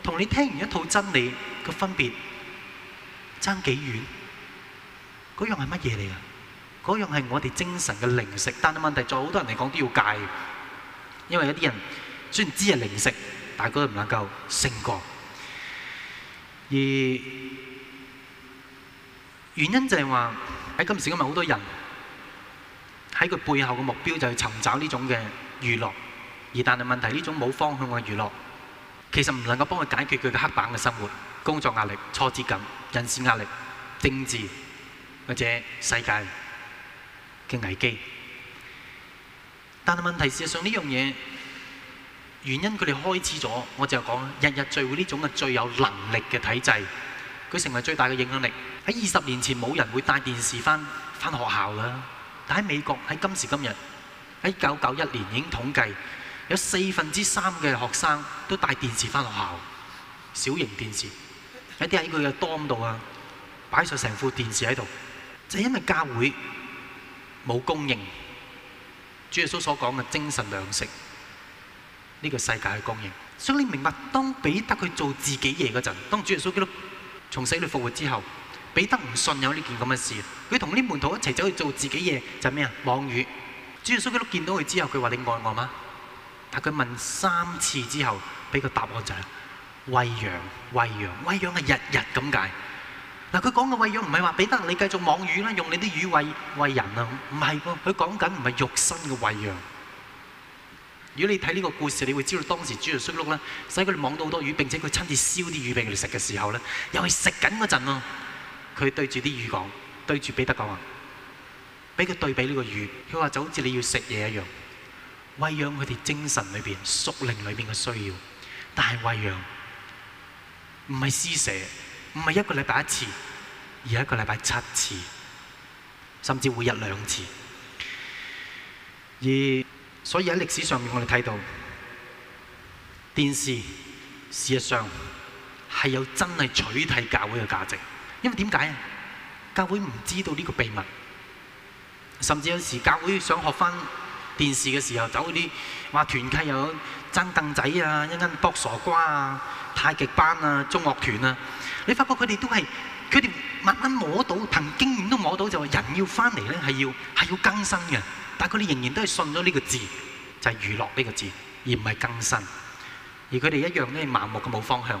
同你聽完一套真理嘅分別差幾遠？嗰樣係乜嘢嚟呀？嗰樣係我哋精神嘅零食，但係問題在好多人嚟講都要戒，因為有啲人雖然知係零食，但係佢唔能夠勝過。而原因就係話喺今時今日好多人。喺佢背後嘅目標就係尋找呢種嘅娛樂，而但係問題呢種冇方向嘅娛樂，其實唔能夠幫佢解決佢嘅黑板嘅生活、工作壓力、挫折感、人事壓力、政治或者世界嘅危機。但係問題是這事實上呢樣嘢，原因佢哋開始咗，我就講日日聚會呢種嘅最有能力嘅體制，佢成為最大嘅影響力。喺二十年前冇人會帶電視返返學校㗎。但喺美國喺今時今日喺九九一年已經統計有四分之三嘅學生都帶電視翻學校，小型電視一啲喺佢嘅當度啊，擺上成副電視喺度，就係因為教會冇供應主耶穌所講嘅精神糧食，呢個世界嘅供應，所以你明白當彼得佢做自己嘢嗰陣，當主耶穌基督從死裏復活之後。彼得唔信有呢件咁嘅事，佢同啲門徒一齊走去做自己嘢，就係咩啊？網魚。主耶穌基督見到佢之後，佢話：你愛我嗎？但佢問三次之後，俾個答案就係、是：餵羊，餵羊，餵羊係日日咁解。嗱，佢講嘅餵羊唔係話彼得你繼續網魚啦，用你啲魚餵餵人啊，唔係喎。佢講緊唔係肉身嘅餵羊。如果你睇呢個故事，你會知道當時主耶穌基督咧，使佢哋網到好多魚，並且佢親自燒啲魚俾佢哋食嘅時候咧，又係食緊嗰陣喎。佢對住啲魚講，對住彼得講啊，俾佢對比呢個魚，佢話就好似你要食嘢一樣，餵養佢哋精神裏邊、屬靈裏邊嘅需要，但係餵養唔係施捨，唔係一個禮拜一次，而係一個禮拜七次，甚至會一兩次。而所以喺歷史上面，我哋睇到電視事實上係有真係取替教會嘅價值。因為點解啊？教會唔知道呢個秘密，甚至有時教會想學翻電視嘅時候，找嗰啲話團契有爭凳仔啊，一間搏傻瓜啊，太極班啊，中樂團啊，你發覺佢哋都係，佢哋慢慢摸到，憑經驗都摸到，就話人要翻嚟咧係要係要更新嘅，但係佢哋仍然都係信咗呢個字，就係娛樂呢個字，而唔係更新，而佢哋一樣咧盲目嘅冇方向。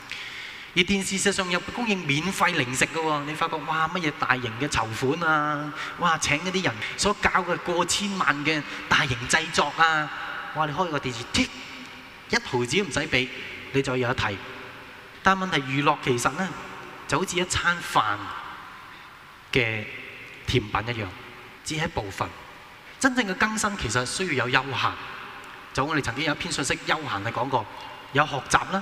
而電視實上有供應免費零食㗎喎，你發覺哇乜嘢大型嘅籌款啊，哇請一啲人所教嘅過千萬嘅大型製作啊，哇你開個電視，一毫子都唔使俾，你就有得睇。但係問題是娛樂其實呢，就好似一餐飯嘅甜品一樣，只係一部分。真正嘅更新其實需要有休閒。就我哋曾經有一篇信息休閒係講過，有學習啦。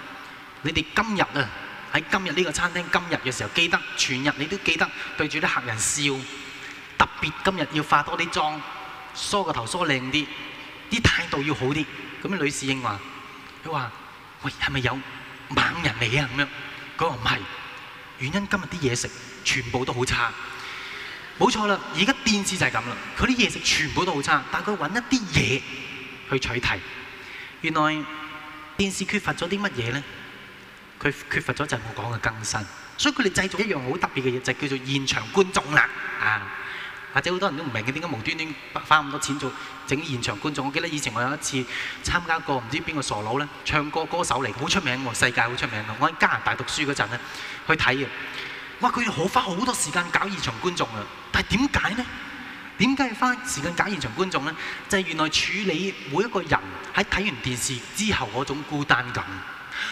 你哋今日啊，喺今日呢個餐廳今日嘅時候記得，全日你都記得對住啲客人笑。特別今日要化多啲妝，梳個頭梳靚啲，啲態度要好啲。咁樣女侍應話：佢話喂，係咪有猛人嚟啊？咁樣佢話唔係，原因今日啲嘢食全部都好差。冇錯啦，而家電視就係咁啦，佢啲嘢食全部都好差，但佢揾一啲嘢去取題。原來電視缺乏咗啲乜嘢咧？佢缺乏咗就係我講嘅更新，所以佢哋製造一樣好特別嘅嘢，就叫做現場觀眾啦。啊，或者好多人都唔明佢點解無端端花咁多錢做整現場觀眾。我記得以前我有一次參加過唔知邊個傻佬咧，唱歌歌手嚟，好出名喎，世界好出名。我喺加拿大讀書嗰陣咧，去睇嘅。哇！佢要好花好多時間搞現場觀眾啊，但係點解呢？點解要花時間搞現場觀眾呢？就係原來處理每一個人喺睇完電視之後嗰種孤單感。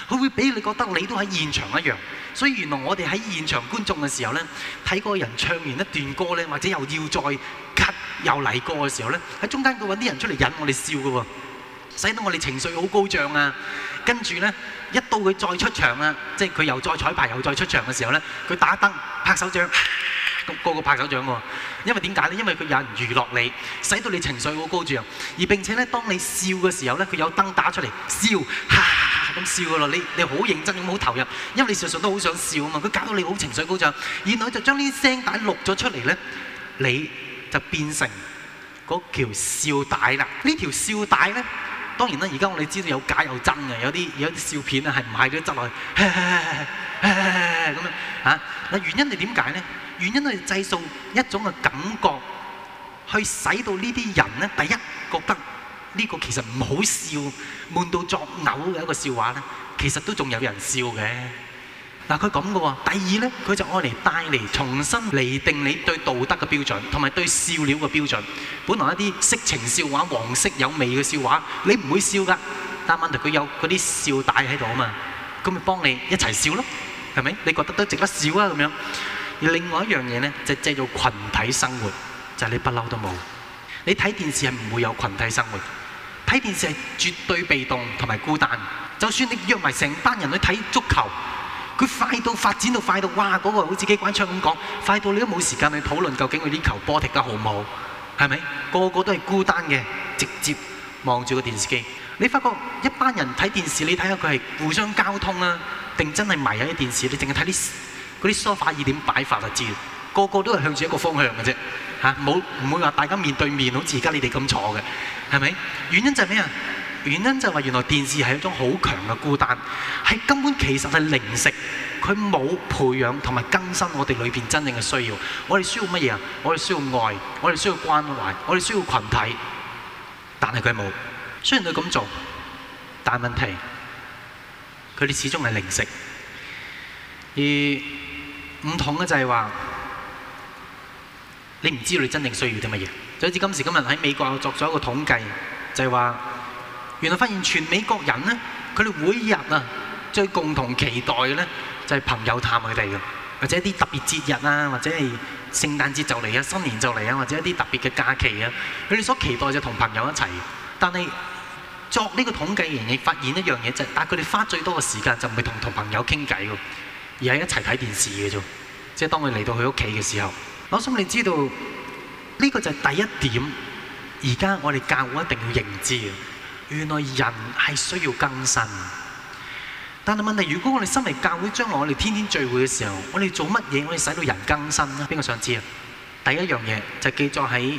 佢會俾你覺得你都喺現場一樣，所以原來我哋喺現場觀眾嘅時候呢，睇嗰個人唱完一段歌呢，或者又要再咳又嚟歌嘅時候呢，喺中間佢揾啲人出嚟引我哋笑嘅喎，使到我哋情緒好高漲啊！跟住呢，一到佢再出場啦，即係佢又再彩排又再出場嘅時候呢，佢打燈拍手掌、啊，咁個個拍手掌喎、哦。因為點解呢？因為佢有人娛樂你，使到你情緒好高漲。而並且呢，當你笑嘅時候呢，佢有燈打出嚟笑，嚇、啊！咁笑噶咯，你你好認真咁好投入，因為你事實上都好想笑啊嘛，佢搞到你好情緒高漲，然後就將呢啲聲帶錄咗出嚟咧，你就變成嗰條笑帶啦。呢條笑帶咧，當然啦，而家我哋知道有假有真嘅，有啲有啲笑片咧係唔係嘅執落去，咁樣嚇。嗱，原因係點解咧？原因係你製造一種嘅感覺，去使到呢啲人咧，第一覺得。呢個其實唔好笑，悶到作嘔嘅一個笑話咧，其實都仲有人笑嘅。嗱，佢咁嘅喎。第二咧，佢就愛嚟帶嚟重新釐定你對道德嘅標準，同埋對笑料嘅標準。本來一啲色情笑話、黃色有味嘅笑話，你唔會笑㗎。但問題佢有嗰啲笑帶喺度啊嘛，咁咪幫你一齊笑咯，係咪？你覺得都值得笑啊咁樣。而另外一樣嘢咧，就製造羣體生活，就係你不嬲都冇。你睇電視係唔會有羣體生活。睇電視係絕對被動同埋孤單，就算你約埋成班人去睇足球，佢快到發展到快到，哇！嗰個好似機關槍咁講，快到你都冇時間去討論究竟佢啲球波踢得好唔好，係咪？個個都係孤單嘅，直接望住個電視機。你發覺一班人睇電視，你睇下佢係互相交通呀，定真係迷喺啲電視？你淨係睇啲嗰啲梳化椅點擺法就知，個個都係向住一個方向嘅啫。吓，冇唔會話大家面對面好似而家你哋咁坐嘅，係咪？原因就係咩啊？原因就係話原來電視係一種好強嘅孤單，係根本其實係零食，佢冇培養同埋更新我哋裏邊真正嘅需要。我哋需要乜嘢啊？我哋需要愛，我哋需要關懷，我哋需要群體，但係佢冇。雖然佢咁做，但係問題佢哋始終係零食。而唔同嘅就係話。你唔知道你真正需要啲乜嘢？就好似今時今日喺美國，我作咗一個統計就是，就係話原來發現全美國人呢，佢哋每日啊最共同期待嘅呢，就係朋友探佢哋嘅，或者一啲特別節日啊，或者係聖誕節就嚟啊、新年就嚟啊，或者一啲特別嘅假期啊，佢哋所期待就同朋友一齊。但係作呢個統計完，亦發現一樣嘢就係、是，但係佢哋花最多嘅時間就唔係同同朋友傾偈㗎，而係一齊睇電視嘅啫。即係當佢嚟到佢屋企嘅時候。我想你知道呢個就係第一點，而家我哋教會一定要認知，原來人係需要更新。但係問題，如果我哋身為教會，將來我哋天天聚會嘅時候，我哋做乜嘢可以使到人更新咧？邊個想知啊？第一樣嘢就記載喺《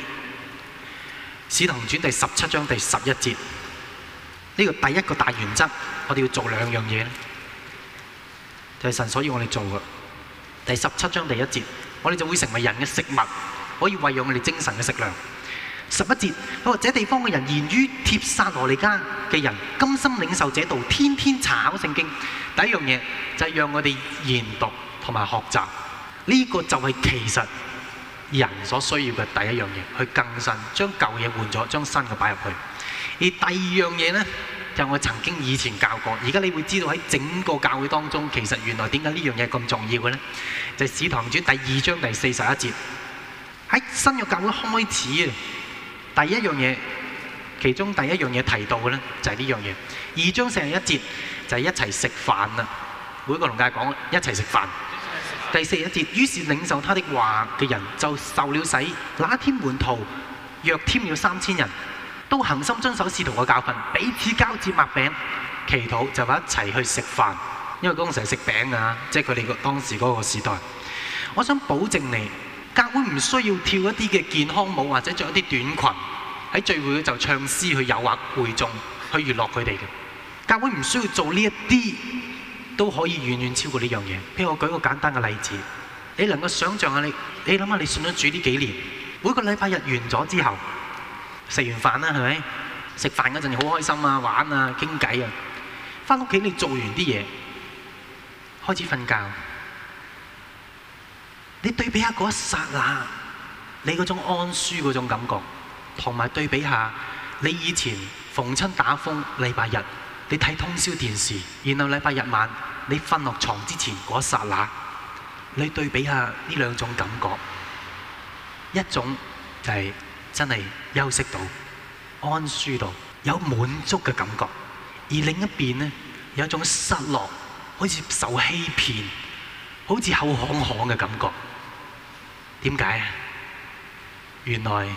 使徒行傳》第十七章第十一節。呢個第一個大原則，我哋要做兩樣嘢咧，就係神所以我哋要做嘅。第十七章第一節。我哋就會成為人嘅食物，可以餵養我哋精神嘅食糧。十一節，我話：，這地方嘅人賢於帖撒羅尼迦嘅人，甘心領受這道，天天查考聖經。第一樣嘢就係、是、讓我哋研讀同埋學習，呢、這個就係其實人所需要嘅第一樣嘢。去更新，將舊嘢換咗，將新嘅擺入去。而第二樣嘢呢？就我曾經以前教過，而家你會知道喺整個教會當中，其實原來點解呢樣嘢咁重要嘅呢？就係《使徒行傳》第二章第四十一節，喺新約教會開始啊，第一樣嘢，其中第一樣嘢提到嘅呢，就係呢樣嘢。二章四十一節就係一齊食飯啦，每個堂界講一齊食飯。飯第四十一節，於是領受他的話嘅人就受了洗，那天門徒約添了三千人。都恒心遵守使徒嘅教訓，彼此交接擘餅，祈禱就話一齊去食飯，因為當時係食餅啊，即係佢哋個當時嗰個時代。我想保證你，教會唔需要跳一啲嘅健康舞，或者着一啲短裙喺聚會就唱詩去誘惑會眾去娛樂佢哋嘅。教會唔需要做呢一啲，都可以遠遠超過呢樣嘢。譬如我舉一個簡單嘅例子，你能夠想象下你，你諗下你信咗主呢幾年，每個禮拜日完咗之後。食完飯啦，係咪？食飯嗰陣好開心啊，玩啊，傾偈啊。返屋企你做完啲嘢，開始瞓覺。你對比一下嗰一剎那，你嗰種安舒嗰種感覺，同埋對比一下你以前逢親打風禮拜日，你睇通宵電視，然後禮拜日晚你瞓落床之前嗰一剎那，你對比一下呢兩種感覺，一種就係、是。真係休息到、安舒到，有滿足嘅感覺；而另一邊呢，有一種失落，好似受欺騙，好似口巷巷嘅感覺。點解啊？原來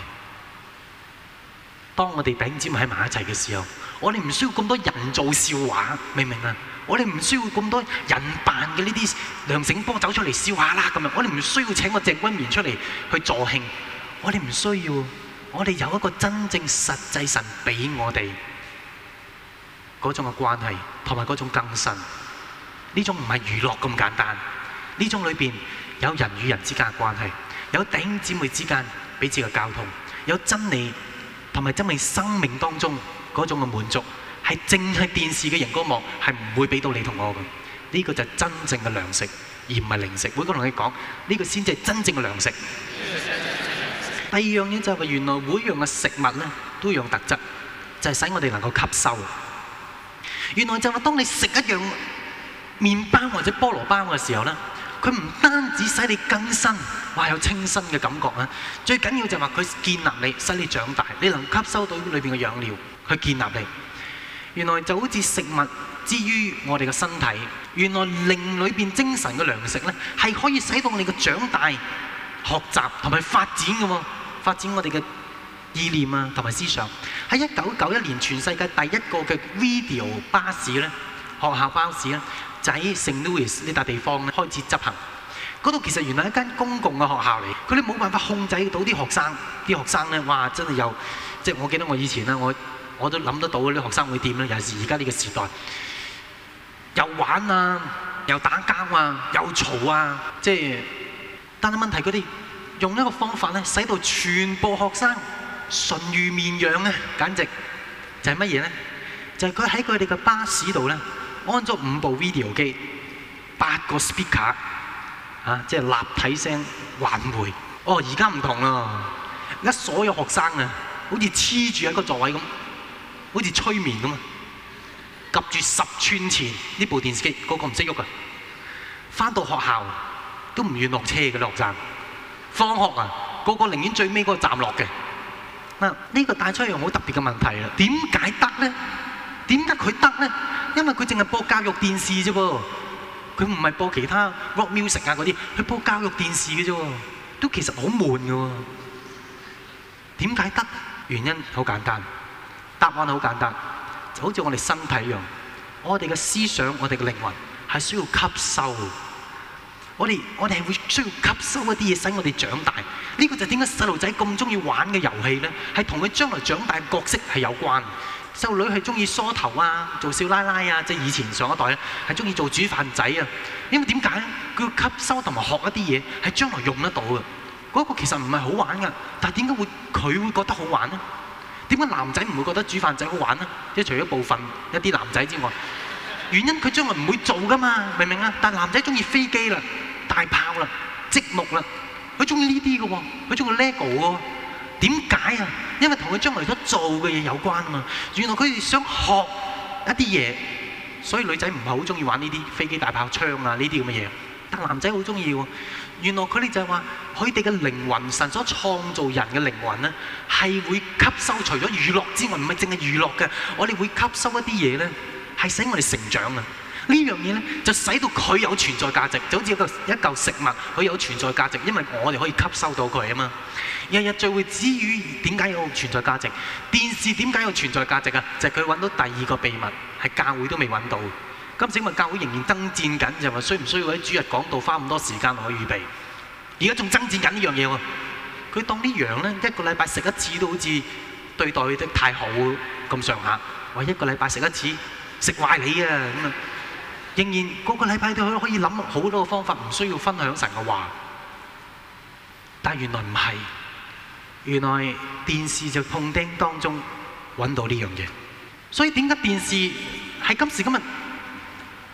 當我哋頂尖喺埋一齊嘅時候，我哋唔需要咁多人做笑話，明唔明啊？我哋唔需要咁多人扮嘅呢啲梁醒波走出嚟笑下啦咁樣。我哋唔需要請個鄭君綿出嚟去助興。我哋唔需要。我哋有一個真正實際神俾我哋嗰種嘅關係，同埋嗰種更新，呢種唔係娛樂咁簡單。呢種裏邊有人與人之間嘅關係，有弟兄姊妹之間彼此嘅交通，有真理同埋真理生命當中嗰種嘅滿足，係淨係電視嘅熒光幕係唔會俾到你同我嘅。呢、這個就係真正嘅糧食，而唔係零食。我今日同你講，呢、這個先至係真正嘅糧食。 (laughs) 第二樣嘢就係話，原來每樣嘅食物咧都有特質，就係使我哋能夠吸收。原來就係當你食一樣麵包或者菠蘿包嘅時候咧，佢唔單止使你更新，哇有清新嘅感覺啊！最緊要就係話佢建立你，使你長大，你能吸收到裏邊嘅養料去建立你。原來就好似食物之於我哋嘅身體，原來靈裏邊精神嘅糧食咧，係可以使到你嘅長大、學習同埋發展嘅喎。發展我哋嘅意念啊，同埋思想。喺一九九一年，全世界第一個嘅 video 巴士咧，學校巴士咧，就喺聖路易斯呢笪地方咧開始執行。嗰度其實原來係一間公共嘅學校嚟，佢哋冇辦法控制到啲學生，啲學生咧，哇！真係又即係我記得我以前咧，我我都諗得到啲學生會點咧，尤其是而家呢個時代，又玩啊，又打交啊，又嘈啊，即係，但係問題啲。用一個方法咧，使到全部學生順如綿羊啊！簡直就係乜嘢咧？就係佢喺佢哋嘅巴士度咧，安咗五部 video 機、八個 speaker 啊，即係立體聲環回。哦，而家唔同啦，而家所有學生啊，好似黐住喺個座位咁，好似催眠咁啊，夾住十寸前呢部電視機，個個唔識喐啊！返到學校都唔願落車嘅落站。學生放學啊，個個寧願最尾嗰個站落嘅。嗱、啊，呢、呢個帶出一樣好特別嘅問題啦。點解得咧？點解佢得咧？因為佢淨係播教育電視啫噃，佢唔係播其他 rock music 啊嗰啲，佢播教育電視嘅啫喎。都其實好悶㗎。點解得？原因好簡單，答案好簡單，就好似我哋身體一樣，我哋嘅思想、我哋嘅靈魂係需要吸收。我哋我哋係會需要吸收一啲嘢，使我哋長大。呢個就點解細路仔咁中意玩嘅遊戲咧？係同佢將來長大嘅角色係有關。細路女係中意梳頭啊，做少奶奶啊，即係以前上一代係中意做煮飯仔啊。因為點解咧？佢要吸收同埋學一啲嘢係將來用得到嘅。嗰個其實唔係好玩噶，但係點解會佢會覺得好玩咧？點解男仔唔會覺得煮飯仔好玩咧？即係除咗部分一啲男仔之外，原因佢將來唔會做噶嘛，明唔明啊？但係男仔中意飛機啦。大炮啦，積木啦，佢中意呢啲嘅喎，佢中意 Lego 嘅喎。點解啊？因為同佢將來想做嘅嘢有關啊嘛。原來佢哋想學一啲嘢，所以女仔唔係好中意玩呢啲飛機、大炮、槍啊呢啲咁嘅嘢，但男仔好中意喎。原來佢哋就係話，佢哋嘅靈魂神，神所創造人嘅靈魂咧，係會吸收除咗娛樂之外，唔係淨係娛樂嘅，我哋會吸收一啲嘢咧，係使我哋成長啊！呢樣嘢呢，就使到佢有存在價值，就好似個一嚿食物佢有存在價值，因為我哋可以吸收到佢啊嘛。日日聚會之於點解有存在價值？電視點解有存在價值啊？就係佢揾到第二個秘密，係教會都未揾到。今時今日教會仍然爭戰緊，就話需唔需要喺主日講道花咁多時間去預備？而家仲爭戰緊呢樣嘢喎。佢當呢樣呢，一個禮拜食一次都好似對待得太好咁上下。我一個禮拜食一次食壞你啊咁啊！仍然個個禮拜都可以諗好多個方法，唔需要分享神嘅話。但係原來唔係，原來電視就碰釘當中揾到呢樣嘢。所以點解電視喺今時今日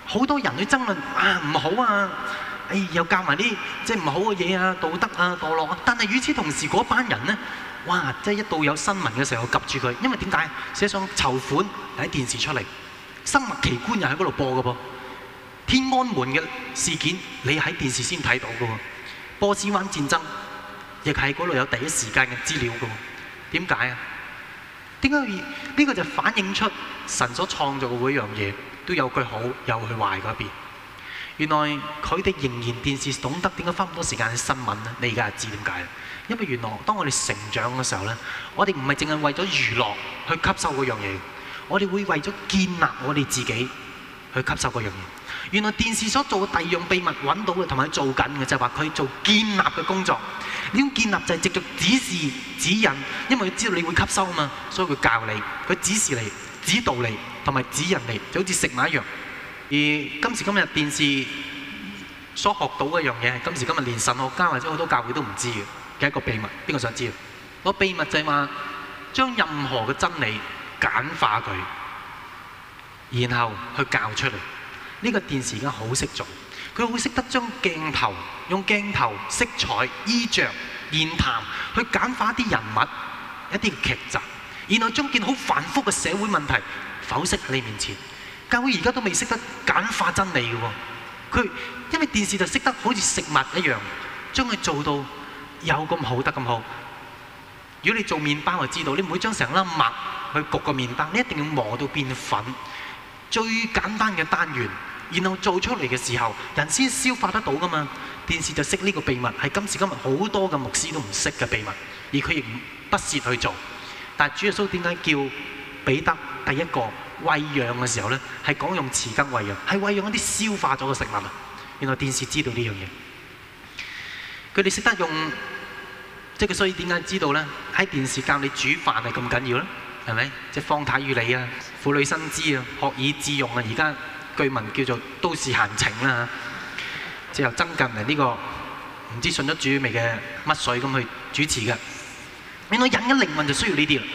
好多人去爭論啊唔好啊？誒、哎、又教埋啲即係唔好嘅嘢啊、道德啊墮落啊。但係與此同時，嗰班人咧哇，即係一到有新聞嘅時候，及住佢，因為點解？寫上籌款喺電視出嚟，生物奇觀又喺嗰度播嘅噃。天安門嘅事件，你喺電視先睇到嘅；波斯灣戰爭亦係嗰度有第一時間嘅資料嘅。點解啊？點解呢個就反映出神所創造嘅每一樣嘢都有佢好，有佢壞嗰一邊。原來佢哋仍然電視懂得點解花咁多時間新聞呢？你而家就知點解啦。因為原來當我哋成長嘅時候呢，我哋唔係淨係為咗娛樂去吸收嗰樣嘢，我哋會為咗建立我哋自己去吸收嗰樣嘢。原來電視所做嘅第二樣秘密揾到嘅，同埋做緊嘅就係話佢做建立嘅工作。呢種建立就係繼續指示指引，因為佢知道你會吸收啊嘛，所以佢教你，佢指示你、指導你同埋指引你，就好似食物一樣。而今時今日電視所學到嘅一樣嘢，係今時今日連神學家或者好多教會都唔知嘅一個秘密，邊個想知道？個秘密就係話將任何嘅真理簡化佢，然後去教出嚟。呢個電視而家好識做，佢會識得將鏡頭用鏡頭、色彩、衣著、言談去簡化一啲人物、一啲劇集，然後將件好繁複嘅社會問題剖析喺你面前。教會而家都未識得簡化真理嘅喎，佢因為電視就識得好似食物一樣，將佢做到有咁好得咁好。如果你做麵包，我知道你唔會將成粒麥去焗個麵包，你一定要磨到變粉，最簡單嘅單元。然後做出嚟嘅時候，人先消化得到噶嘛？電視就識呢個秘密，係今時今日好多嘅牧師都唔識嘅秘密，而佢亦不屑去做。但係主耶穌點解叫彼得第一個餵養嘅時候呢，係講用匙羹餵養，係餵養一啲消化咗嘅食物。原來電視知道呢樣嘢，佢哋識得用，即係佢所以點解知道呢？喺電視教你煮飯係咁緊要呢？係咪？即係方太與你啊，婦女身知啊，學以致用啊，而家。據聞叫做都市閒情啦，即係又增近嚟呢個唔知信咗主未嘅乜水咁去主持嘅。因為人嘅靈魂就需要呢啲啦，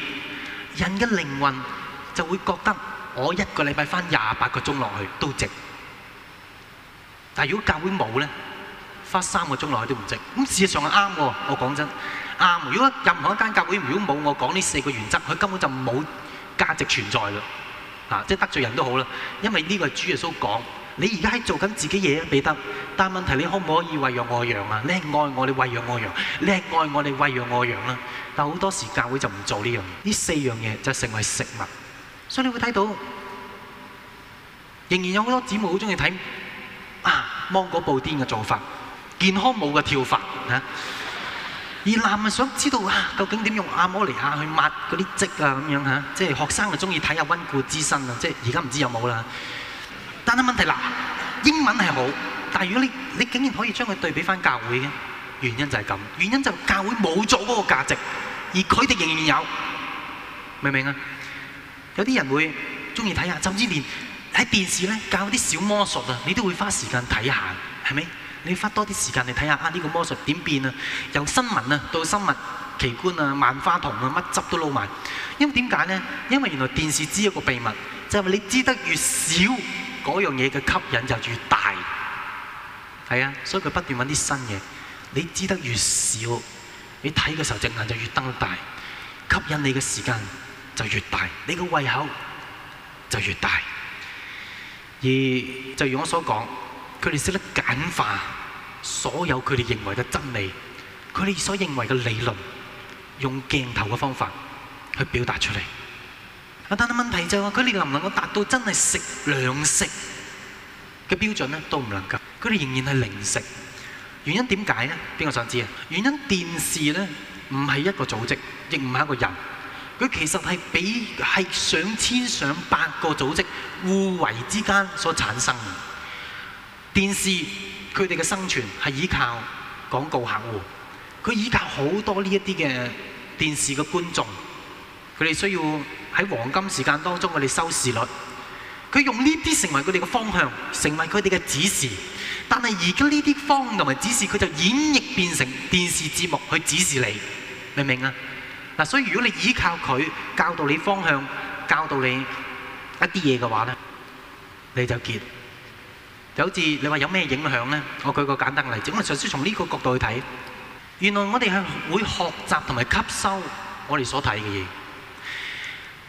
人嘅靈魂就會覺得我一個禮拜翻廿八個鐘落去都值。但係如果教會冇咧，花三個鐘落去都唔值。咁事實上係啱嘅，我講真啱。如果任何一間教會如果冇我講呢四個原則，佢根本就冇價值存在啦。嗱，即係得罪人都好啦，因為呢個係主耶穌講。你而家係做緊自己嘢啊，彼得。但係問題你可唔可以餵養我羊啊？你係愛我，你餵養我羊；你係愛我，你餵養我羊啦。但係好多時教會就唔做呢樣嘢，呢四樣嘢就成為食物。所以你會睇到，仍然有好多姊妹好中意睇啊芒果布丁嘅做法，健康舞嘅跳法嚇。而男咪想知道、啊、究竟點用阿摩尼亞去抹嗰啲跡啊咁樣嚇？即係學生就鍾意睇下溫故知新啊！即係而家唔知有冇啦。但係問題嗱、啊，英文係好，但如果你，你竟然可以將佢對比翻教會嘅原因就係咁，原因就教會冇咗嗰個價值，而佢哋仍然有，明唔明啊？有啲人會鍾意睇下，甚至連喺電視呢教啲小魔術啊，你都會花時間睇下，係咪？你花多啲時間你睇下啊！呢個魔術點變啊？由新聞啊，到生物奇觀啊，萬花筒啊，乜汁都撈埋。因為點解咧？因為原來電視知一個秘密，就係你知得越少，嗰樣嘢嘅吸引就越大。係啊，所以佢不斷揾啲新嘢。你知得越少，你睇嘅時候隻眼就越瞪大，吸引你嘅時間就越大，你個胃口就越大。而就如我所講，佢哋識得簡化。所有佢哋認為嘅真理，佢哋所認為嘅理論，用鏡頭嘅方法去表達出嚟。但係問題就係話，佢哋能唔能夠達到真係食糧食嘅標準咧？都唔能夠。佢哋仍然係零食。原因點解咧？邊個想知啊？原因電視咧，唔係一個組織，亦唔係一個人。佢其實係畀係上千上百個組織互為之間所產生嘅電視。佢哋嘅生存係依靠廣告客戶，佢依靠好多呢一啲嘅電視嘅觀眾，佢哋需要喺黃金時間當中，我哋收視率，佢用呢啲成為佢哋嘅方向，成為佢哋嘅指示。但係而家呢啲方向同埋指示，佢就演繹變成電視節目去指示你，明唔明啊？嗱，所以如果你依靠佢教導你方向，教導你一啲嘢嘅話咧，你就結。就好似有次你話有咩影響呢？我舉個簡單嘅例子，我哋首先從呢個角度去睇。原來我哋係會學習同埋吸收我哋所睇嘅嘢。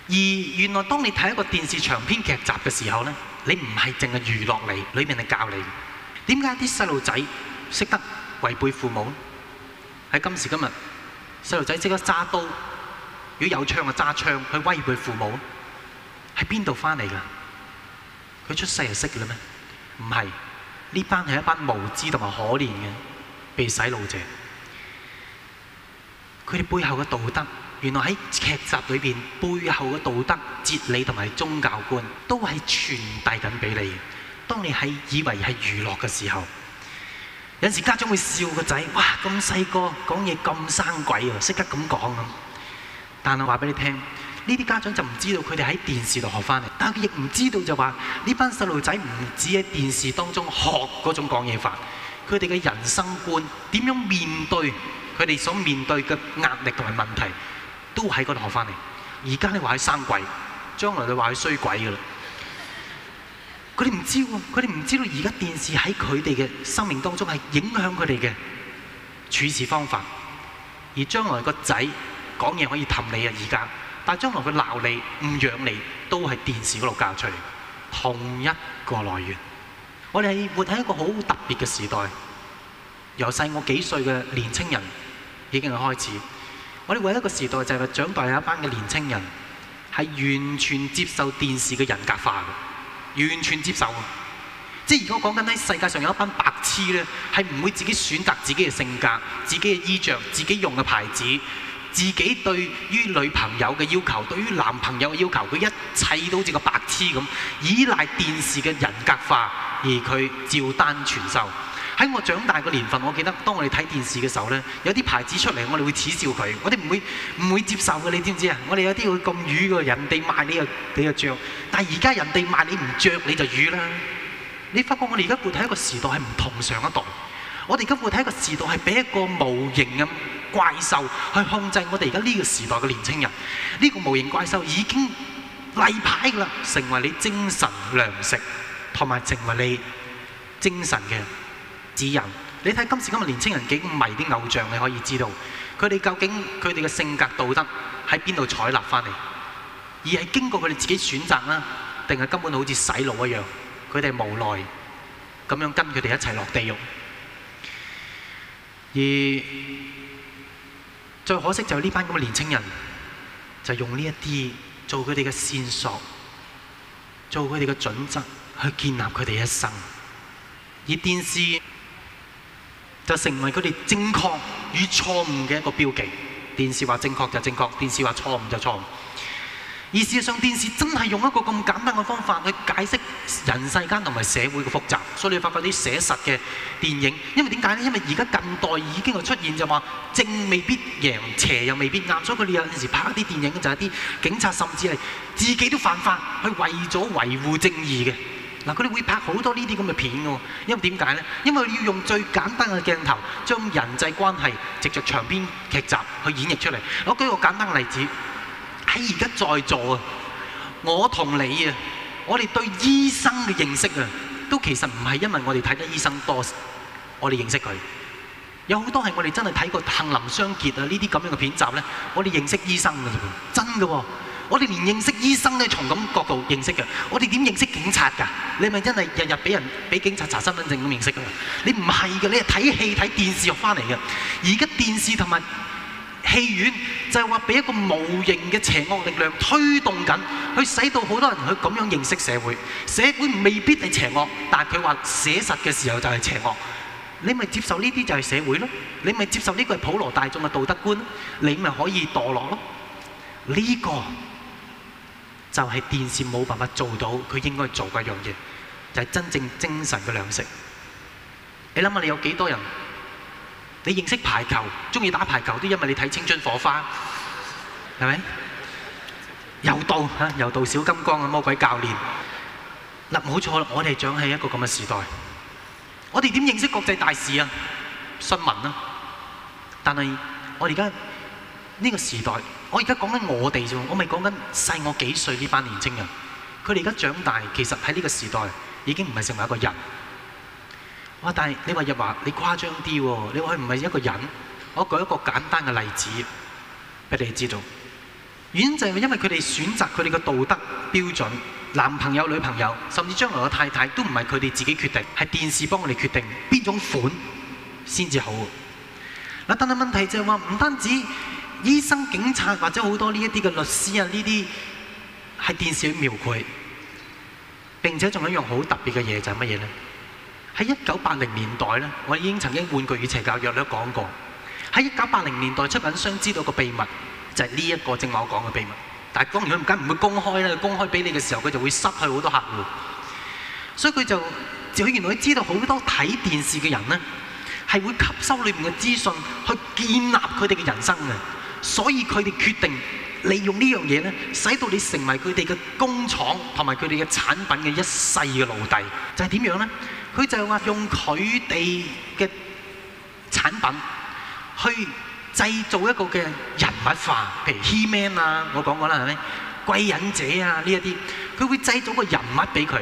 而原來當你睇一個電視長篇劇集嘅時候咧，你唔係淨係娛樂嚟，裏面係教你嘅。點解啲細路仔識得違背父母咧？喺今時今日，細路仔即刻揸刀，如果有槍就揸槍去威脅父母，喺邊度翻嚟㗎？佢出世就識㗎啦咩？唔係，呢班係一班無知同埋可憐嘅被洗腦者。佢哋背後嘅道德，原來喺劇集裏面，背後嘅道德哲理同埋宗教觀，都係傳遞緊俾你的。當你係以為係娛樂嘅時候，有時家長會笑個仔，哇！咁細個講嘢咁生鬼啊，識得咁講。但我話俾你聽。呢啲家長就唔知道佢哋喺電視度學翻嚟，但係佢亦唔知道就話呢班細路仔唔止喺電視當中學嗰種講嘢法，佢哋嘅人生觀，點樣面對佢哋所面對嘅壓力同埋問題，都喺嗰度學翻嚟。而家你話佢生鬼，將來你話佢衰鬼㗎喇。佢哋唔知喎，佢哋唔知道而家電視喺佢哋嘅生命當中係影響佢哋嘅處事方法，而將來個仔講嘢可以氹你啊！而家。但係將來佢鬧你、唔養你，都係電視嗰度教出嚟，同一個來源。我哋係活喺一個好特別嘅時代，由細我幾歲嘅年青人已經係開始。我哋活喺一個時代，就係話長大有一班嘅年青人係完全接受電視嘅人格化，完全接受。即係如果講緊喺世界上有一班白痴咧，係唔會自己選擇自己嘅性格、自己嘅衣着、自己用嘅牌子。自己對於女朋友嘅要求，對於男朋友嘅要求，佢一切都好似個白痴咁，依賴電視嘅人格化而佢照單全收。喺我長大嘅年份，我記得當我哋睇電視嘅時候呢，有啲牌子出嚟，我哋會恥笑佢，我哋唔會唔會接受嘅，你知唔知啊？我哋有啲會咁瘀嘅，人哋賣你又你又著，但係而家人哋賣你唔着你就瘀啦。你發覺我哋而家活喺一個時代係唔同上一代，我哋而家活喺一個時代係俾一個模型咁。怪獸去控制我哋而家呢個時代嘅年青人，呢個無形怪獸已經例牌㗎啦，成為你精神糧食同埋成為你精神嘅指引。你睇今時今日年青人幾迷啲偶像，你可以知道佢哋究竟佢哋嘅性格道德喺邊度採納返嚟，而係經過佢哋自己選擇啦，定係根本好似洗腦一樣，佢哋無奈咁樣跟佢哋一齊落地獄，而。最可惜就係呢班咁嘅年青人，就用呢一啲做佢哋嘅線索，做佢哋嘅準則去建立佢哋一生，而電視就成為佢哋正確與錯誤嘅一個標記。電視話正確就正確，電視話錯誤就錯誤。而事實上，電視真係用一個咁簡單嘅方法去解釋人世間同埋社會嘅複雜，所以你發覺啲寫實嘅電影。因為點解呢？因為而家近代已經係出現就話、是、正未必贏，邪又未必啱。所以佢哋有陣時拍啲電影就係、是、啲警察甚至係自己都犯法，去為咗維護正義嘅。嗱，佢哋會拍好多呢啲咁嘅片嘅。因為點解呢？因為要用最簡單嘅鏡頭，將人際關係藉著長篇劇集去演繹出嚟。我舉個簡單的例子。喺而家在座啊，我同你啊，我哋對醫生嘅認識啊，都其實唔係因為我哋睇得醫生多，我哋認識佢。有好多係我哋真係睇過《杏林相傑》啊呢啲咁樣嘅片集咧，我哋認識醫生嘅。真嘅、哦，我哋連認識醫生咧，從咁角度認識嘅。我哋點認識警察㗎？你咪真係日日俾人俾警察查身份證咁認識㗎？你唔係㗎，你係睇戲睇電視學翻嚟嘅。而家電視同埋戲院就係話俾一個無形嘅邪惡力量推動緊，去使到好多人去咁樣認識社會。社會未必係邪惡，但係佢話寫實嘅時候就係邪惡。你咪接受呢啲就係社會咯，你咪接受呢個係普羅大眾嘅道德觀，你咪可以墮落咯。呢個就係電視冇辦法做到，佢應該做嘅一樣嘢，就係真正精神嘅糧食。你諗下，你有幾多人？你認識排球，中意打排球都因為你睇《青春火花》，係咪？柔道吓，柔道小金剛嘅魔鬼教練。嗱，冇錯啦，我哋長喺一個咁嘅時代，我哋點認識國際大事啊？新聞啦、啊。但係我哋而家呢個時代，我而家講緊我哋啫，我咪講緊細我幾歲呢班年青人。佢哋而家長大，其實喺呢個時代已經唔係成為一個人。哇！但係你話日話你誇張啲喎，你話佢唔係一個人。我舉一個簡單嘅例子俾你知道，原因就係因為佢哋選擇佢哋嘅道德標準、男朋友、女朋友，甚至將來嘅太太都唔係佢哋自己決定，係電視幫我哋決定邊種款先至好。嗱，但係問題就係話唔單止醫生、警察或者好多呢一啲嘅律師啊呢啲，係電視去描繪，並且仲有一樣好特別嘅嘢就係乜嘢咧？喺一九八零年代咧，我已經曾經換句與邪教約略講過。喺一九八零年代，出品商知道個秘密就係呢一個正話我講嘅秘密。但係當然佢唔緊唔會公開啦。公開俾你嘅時候，佢就會失去好多客戶。所以佢就原來佢知道好多睇電視嘅人咧，係會吸收裏面嘅資訊去建立佢哋嘅人生嘅。所以佢哋決定利用呢樣嘢咧，使到你成為佢哋嘅工廠同埋佢哋嘅產品嘅一世嘅奴隸。就係點樣咧？佢就話用佢哋嘅產品去製造一個嘅人物化，譬如 He Man 啊，我講過啦，係咪？貴人者啊，呢一啲，佢會製造個人物俾佢，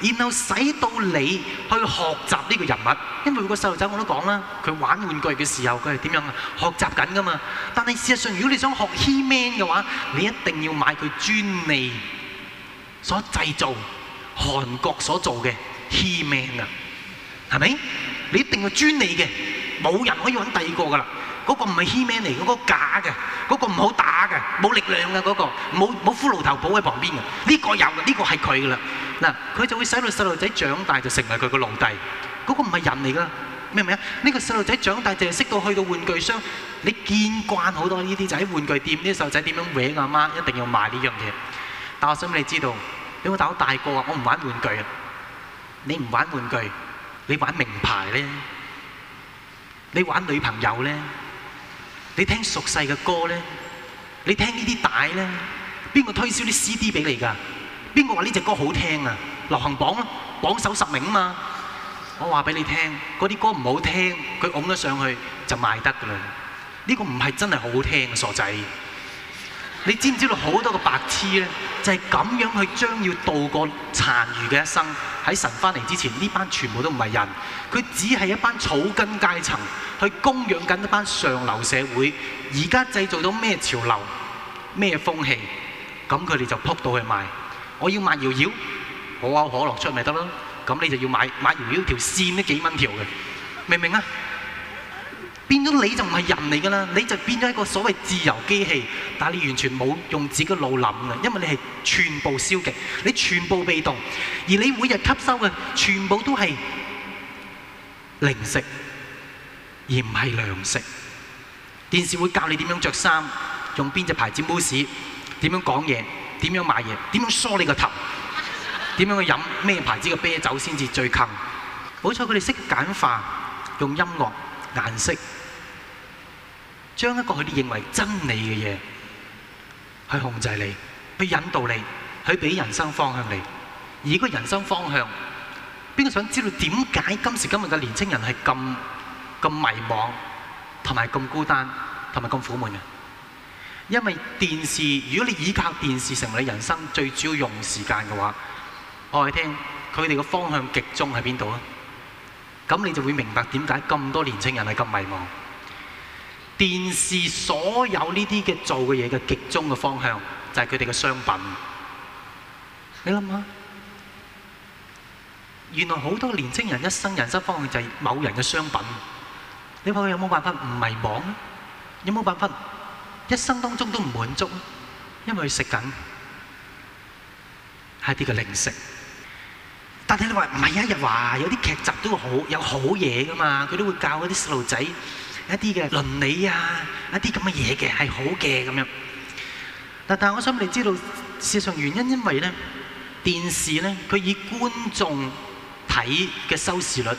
然後使到你去學習呢個人物。因為每個細路仔我都講啦，佢玩玩具嘅時候，佢係點樣學習緊㗎嘛？但係事實上，如果你想學 He Man 嘅話，你一定要買佢專利所製造、韓國所做嘅。He-man 啊，係咪？你一定要專利嘅，冇人可以揾第二個噶啦。嗰個唔係 He-man 嚟，嗰個假嘅，嗰個唔好打嘅，冇力量嘅嗰個，冇冇骷髏頭抱喺旁邊嘅。呢個有嘅，呢個係佢噶啦。嗱，佢就會使到細路仔長大就成為佢個奴隸。嗰個唔係人嚟噶，明唔明啊？呢個細路仔長大淨係識到去到玩具商，你見慣好多呢啲仔玩具店啲細路仔點樣搲阿媽，一定要買呢樣嘢。但係我想俾你知道，如果我大個，我唔玩玩具啊。你唔玩玩具，你玩名牌呢？你玩女朋友呢？你聽熟世嘅歌呢？你聽呢啲帶呢？邊個推銷啲 CD 俾你㗎？邊個話呢隻歌好聽啊？流行榜榜首十名吖嘛。我話俾你聽，嗰啲歌唔好聽，佢拱得上去就賣得㗎喇。呢個唔係真係好好聽的，傻仔。你知唔知道好多個白痴呢，就係咁樣去將要度過殘餘嘅一生喺神返嚟之前，呢班全部都唔係人，佢只係一班草根階層去供養緊一班上流社會。而家製造到咩潮流，咩風氣，咁佢哋就撲到去賣。我要賣搖搖，我可口可樂出咪得咯。咁你就要買買搖搖，搖搖條線都幾蚊條嘅，明唔明啊？變咗你就唔係人嚟㗎啦，你就變咗一個所謂自由機器，但係你完全冇用自己嘅腦諗㗎，因為你係全部消極，你全部被動，而你每日吸收嘅全部都係零食，而唔係糧食。電視會教你點樣着衫，用邊隻牌子慕絲，點樣講嘢，點樣買嘢，點樣梳你個頭，點樣去飲咩牌子嘅啤酒先至最近。好彩佢哋識簡化，用音樂、顏色。將一個佢哋認為真理嘅嘢去控制你，去引導你，去俾人生方向你。而嗰人生方向，邊個想知道點解今時今日嘅年青人係咁咁迷茫，同埋咁孤單，同埋咁苦悶嘅？因為電視，如果你依靠電視成為你人生最主要用時間嘅話，我哋聽佢哋嘅方向集中喺邊度啊？咁你就會明白點解咁多年青人係咁迷茫。電視所有呢啲嘅做嘅嘢嘅集中嘅方向就係佢哋嘅商品。你諗下，原來好多年輕人一生人生方向就係某人嘅商品。你話佢有冇辦法唔迷茫咧？有冇辦法一生當中都唔滿足咧？因為佢食緊係啲嘅零食。但係你話唔係一日話，有啲劇集都會好有好嘢㗎嘛？佢都會教嗰啲細路仔。一啲嘅倫理啊，一啲咁嘅嘢嘅係好嘅咁樣。嗱，但係我想你知道事實上原因，因為咧電視咧佢以觀眾睇嘅收視率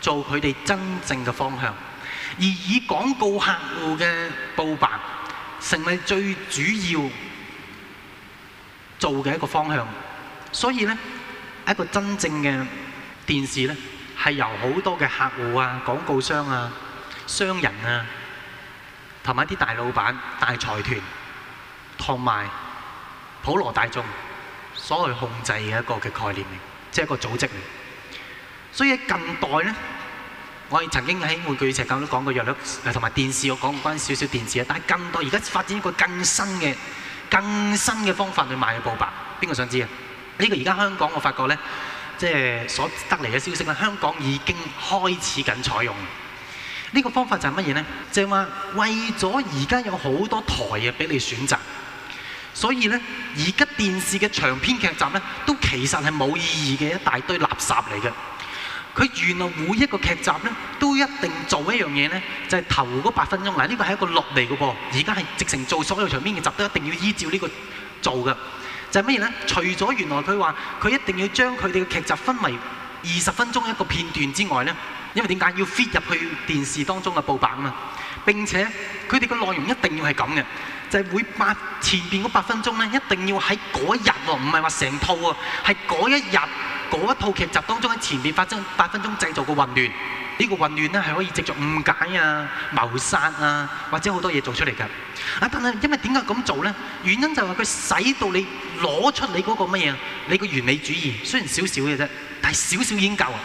做佢哋真正嘅方向，而以廣告客戶嘅報辦成為最主要做嘅一個方向。所以咧一個真正嘅電視咧係由好多嘅客戶啊、廣告商啊。商人啊，同埋啲大老闆、大財團，同埋普羅大眾所謂控制嘅一個嘅概念嚟，即係一個組織嚟。所以喺近代咧，我係曾經喺《玩具邪教》都講過約率，同埋電視我講過關少少電視啊。但係更多而家發展一個更新嘅、更新嘅方法去賣報白，邊個想知啊？呢、呢個而家香港我發覺咧，即係所得嚟嘅消息咧，香港已經開始緊採用了。呢個方法就係乜嘢呢？就係、是、話為咗而家有好多台嘅俾你選擇，所以呢，而家電視嘅長篇劇集呢，都其實係冇意義嘅一大堆垃圾嚟嘅。佢原來每一個劇集呢，都一定做一樣嘢呢，就係頭嗰八分鐘嗱，呢個係一個落嚟嘅噃。而家係直情做所有長篇劇集都一定要依照呢個做嘅，就係乜嘢呢？除咗原來佢話佢一定要將佢哋嘅劇集分為二十分鐘一個片段之外呢。因為點解要 fit 入去電視當中嘅布板啊？並且佢哋個內容一定要係咁嘅，就係每八前邊嗰八分鐘咧，一定要喺嗰一日喎，唔係話成套啊，係嗰一日嗰一套劇集當中喺前邊發生八分鐘製造嘅混亂，呢個混亂咧係可以藉助誤解啊、謀殺啊或者好多嘢做出嚟噶。啊，但係因為點解咁做咧？原因就係話佢使到你攞出你嗰個乜嘢，你個完美主義，雖然少少嘅啫，但係少少已經夠啊。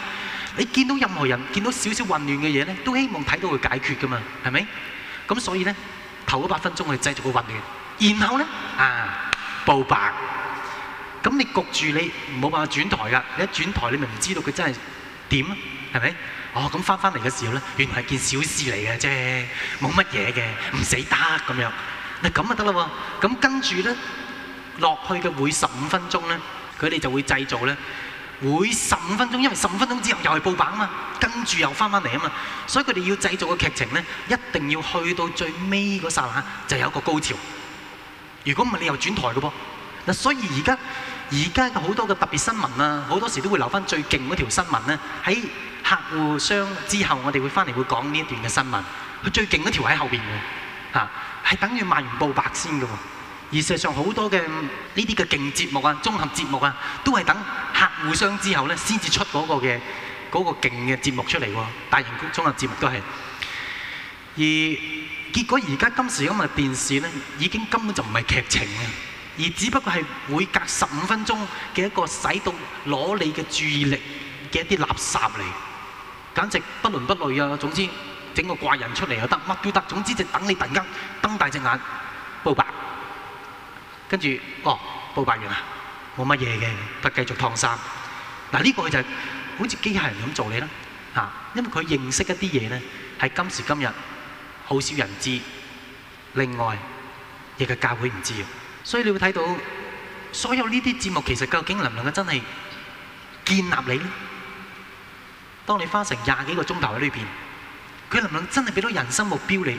你見到任何人，見到少少混亂嘅嘢咧，都希望睇到佢解決噶嘛，係咪？咁所以咧，頭嗰八分鐘係製造個混亂，然後咧啊，報白。咁你焗住你冇辦法轉台㗎，你一轉台你明唔知道佢真係點，係咪？哦，咁翻翻嚟嘅時候咧，原來係件小事嚟嘅啫，冇乜嘢嘅，唔死得咁樣。嗱咁就得啦喎，咁跟住咧落去嘅每十五分鐘咧，佢哋就會製造咧。每十五分鐘，因為十五分鐘之後又係報版啊嘛，跟住又翻翻嚟啊嘛，所以佢哋要製造個劇情咧，一定要去到最尾嗰剎那，就有一個高潮。如果唔係，你又轉台嘅噃。嗱，所以而家而家好多嘅特別新聞啊，好多時都會留翻最勁嗰條新聞咧，喺客戶商之後，我哋會翻嚟會講呢一段嘅新聞。佢最勁嗰條喺後邊嘅嚇，係等於賣完報白先嘅喎。而事實上，好多嘅呢啲嘅勁節目啊，綜合節目啊，都係等客戶商之後咧，先至出嗰個嘅嗰個勁嘅節目出嚟喎。大型綜合節目都係。而結果而家今時今日電視咧，已經根本就唔係劇情啦，而只不過係每隔十五分鐘嘅一個使到攞你嘅注意力嘅一啲垃圾嚟，簡直不倫不類啊！總之整個怪人出嚟又得，乜都得，總之就等你突然間瞪大隻眼報白。跟住，哦，報白完啦，冇乜嘢嘅，不繼續燙衫。嗱呢個就係好似機械人咁做你啦，啊，因為佢認識一啲嘢咧，係今時今日好少人知。另外，亦係教會唔知，所以你會睇到所有呢啲節目，其實究竟能唔能夠真係建立你咧？當你花成廿幾個鐘頭喺呢邊，佢能唔能真係俾到人生目標你咧？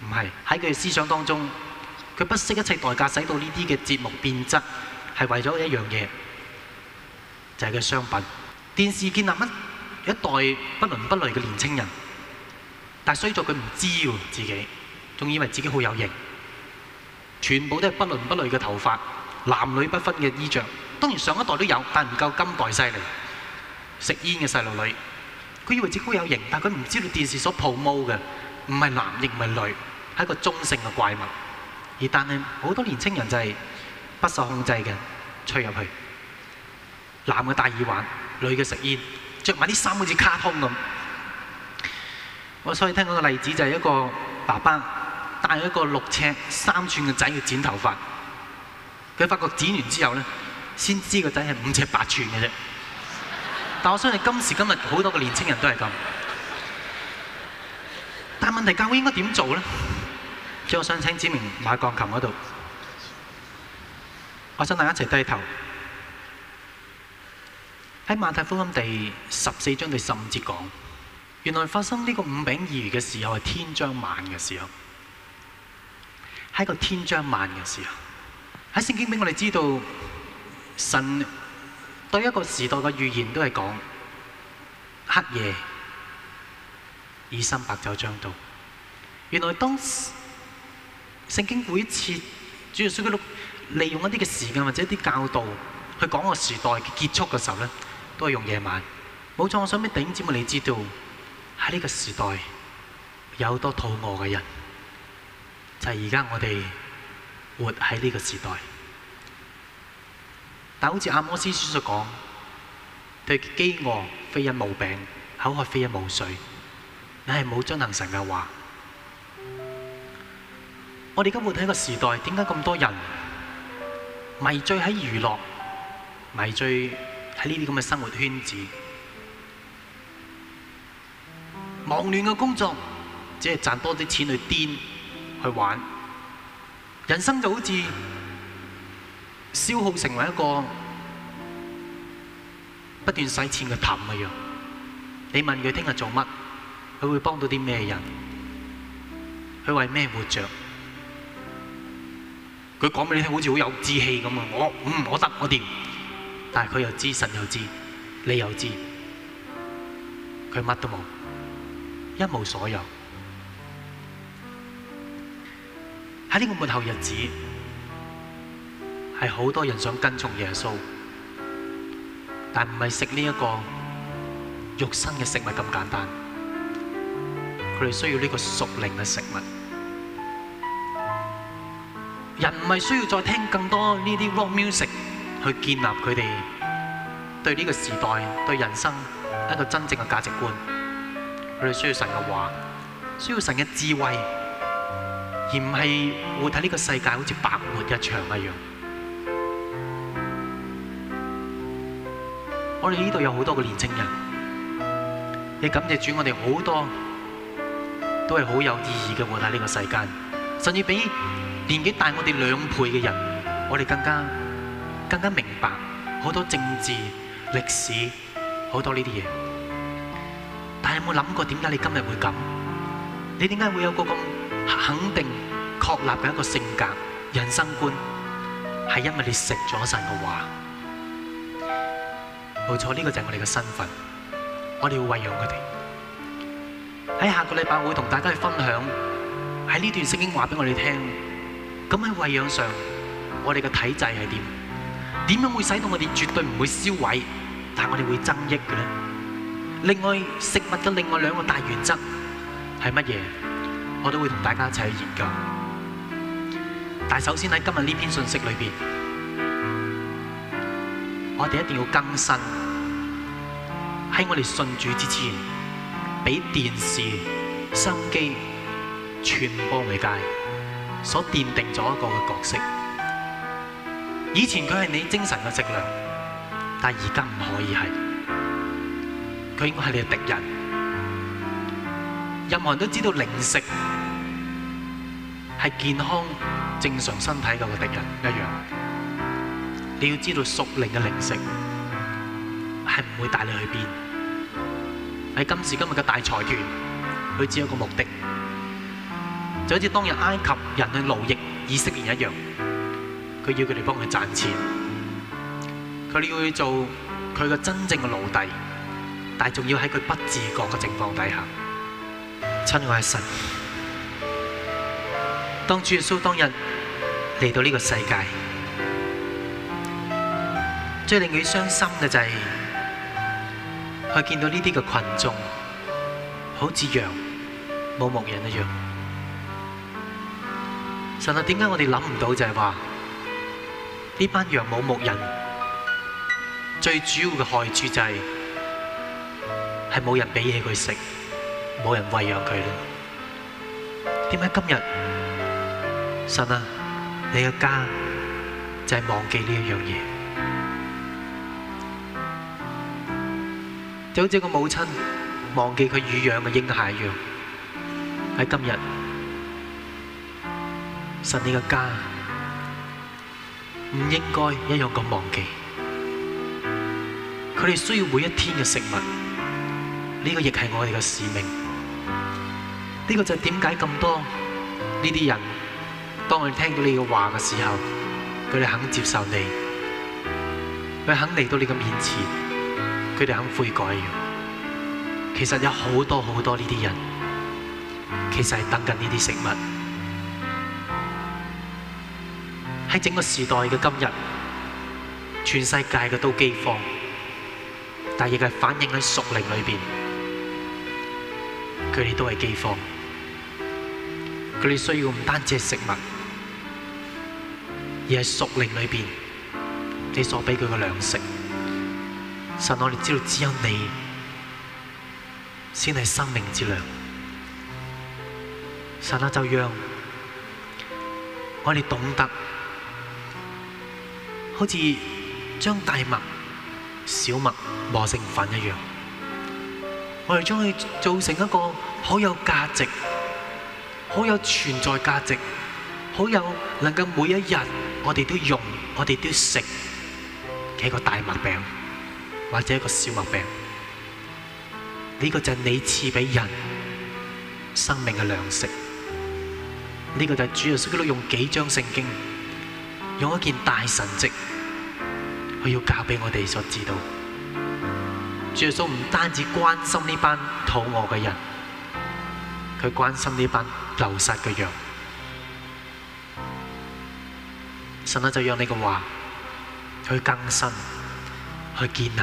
唔係喺佢嘅思想當中。佢不惜一切代價，使到呢啲嘅節目變質，係為咗一樣嘢，就係佢嘅商品。電視建立一一代不倫不類嘅年輕人，但係衰在佢唔知道自己，仲以為自己好有型。全部都係不倫不類嘅頭髮，男女不分嘅衣着。當然上一代都有，但係唔夠今代犀利。食煙嘅細路女，佢以為自己好有型，但係佢唔知道電視所 promote 嘅唔係男亦唔係女，係一個中性嘅怪物。但係好多年青人就係不受控制嘅吹入去，男嘅戴耳環，女嘅食煙，着埋啲衫好似卡通咁。我所以聽嗰個例子就係、是、一個爸爸帶一個六尺三寸嘅仔去剪頭髮，佢發覺剪完之後咧，先知個仔係五尺八寸嘅啫。但我相信今時今日好多嘅年青人都係咁。但係問題教會應該點做咧？我想請指明馬鋼琴嗰度，我想大家一齊低頭。喺馬太福音第十四章第十五節講，原來發生呢個五餅二魚嘅時候係天將晚嘅時候，喺個天將晚嘅時候，喺聖經裏我哋知道，神對一個時代嘅預言都係講黑夜已深，白晝將到。原來當時聖經每一次，主要係記錄，利用一啲嘅時間或者一啲教導，去講個時代嘅結束嘅時候咧，都係用夜晚。冇錯，我想俾頂尖你知道，喺呢個時代有好多肚餓嘅人，就係而家我哋活喺呢個時代。但好似阿摩斯書所講，對饑餓非因無餅，口渴非因無水，你係冇遵行神嘅話。我哋今日睇個時代，點解咁多人迷醉喺娛樂，迷醉喺呢啲咁嘅生活圈子，忙亂嘅工作，只係賺多啲錢去癲去玩，人生就好似消耗成為一個不斷使錢嘅氹一樣。你問佢聽日做乜，佢會幫到啲咩人？佢為咩活着？佢講俾你聽，好似好有志氣咁啊！我嗯，我得我掂，但係佢又知神又知，你又知，佢乜都冇，一無所有。喺呢個末後日子，係好多人想跟從耶穌，但唔係食呢一個肉身嘅食物咁簡單，佢哋需要呢個屬靈嘅食物。人唔係需要再聽更多呢啲 rock music 去建立佢哋對呢個時代、對人生一個真正嘅價值觀。佢哋需要神嘅話，需要神嘅智慧，而唔係活喺呢個世界好似白活一場一樣。我哋呢度有好多個年青人，你感謝主，我哋好多都係好有意義嘅活喺呢個世界，甚至比年紀大我哋兩倍嘅人，我哋更加更加明白好多政治歷史，好多呢啲嘢。但係有冇諗過點解你今日會咁？你點解會有個咁肯定確立嘅一個性格、人生觀？係因為你食咗神嘅話。冇錯，呢個就係我哋嘅身份。我哋要喂養佢哋。喺下個禮拜我會同大家去分享喺呢段聖經話俾我哋聽。咁喺喂養上，我哋嘅體制係點？點樣會使到我哋絕對唔會消毀，但我哋會增益嘅咧？另外食物嘅另外兩個大原則係乜嘢？我都會同大家一齊去研究。但首先喺今日呢篇信息裏面，我哋一定要更新喺我哋信主之前，俾電視、收音機傳播媒介。所奠定咗一個嘅角色，以前佢係你精神嘅食糧，但係而家唔可以係，佢應該係你嘅敵人。任何人都知道零食係健康正常身體嘅個敵人一樣。你要知道熟齡嘅零食係唔會帶你去邊。喺今時今日嘅大財團，佢只有一個目的。就好似當日埃及人去奴役以色列人一樣，佢要佢哋幫佢賺錢，佢要佢做佢嘅真正嘅奴隸，但係仲要喺佢不自覺嘅情況底下。親愛嘅神，當主耶穌當日嚟到呢個世界，最令佢傷心嘅就係佢見到呢啲嘅群眾，好似羊冇牧人一樣。神啊，點解我哋諗唔到就係話呢班羊冇牧人，最主要嘅害處就係係冇人俾嘢佢食，冇人餵養佢咯。點解今日神啊，你嘅家就係忘記呢一樣嘢，就好似個母親忘記佢乳養嘅嬰孩一樣，喺今日。神這個，你嘅家唔應該一樣咁忘記。佢哋需要每一天嘅食物，呢、這個亦係我哋嘅使命。呢、這個就係點解咁多呢啲人，當佢聽到你嘅話嘅時候，佢哋肯接受你，佢肯嚟到你嘅面前，佢哋肯悔改。其實有好多好多呢啲人，其實係等緊呢啲食物。喺整個時代嘅今日，全世界嘅都飢荒，但係亦係反映喺屬靈裏面。佢哋都係飢荒，佢哋需要唔單止係食物，而係屬靈裏面。你所俾佢嘅糧食。神，我哋知道只有你先係生命之糧。神啊，就讓我哋懂得。好似將大麥、小麥磨成粉一樣，我哋將佢做成一個好有價值、好有存在價值、好有能夠每一日我哋都用、我哋都食嘅一個大麥餅或者一個小麥餅。呢、這個就是你賜俾人生命嘅糧食。呢、這個就是主耶穌基督用幾張聖經。用一件大神跡，佢要教俾我哋所知道，主耶穌唔單止關心呢班肚餓嘅人，佢關心呢班流失嘅羊。神啊，就讓呢個話去更新、去建立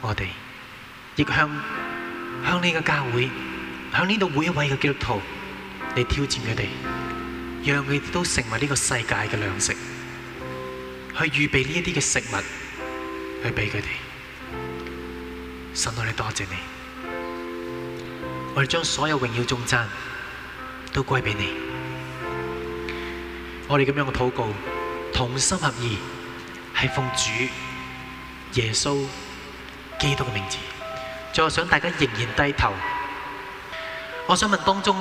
我哋，亦向向呢個教會、響呢度每一位嘅基督徒嚟挑戰佢哋。讓佢哋都成為呢個世界嘅糧食，去預備呢一啲嘅食物去俾佢哋。神愛你，多謝你，我哋將所有榮耀頌讚都歸俾你。我哋咁樣嘅禱告，同心合意，係奉主耶穌基督嘅名字。就我想大家仍然低頭，我想問當中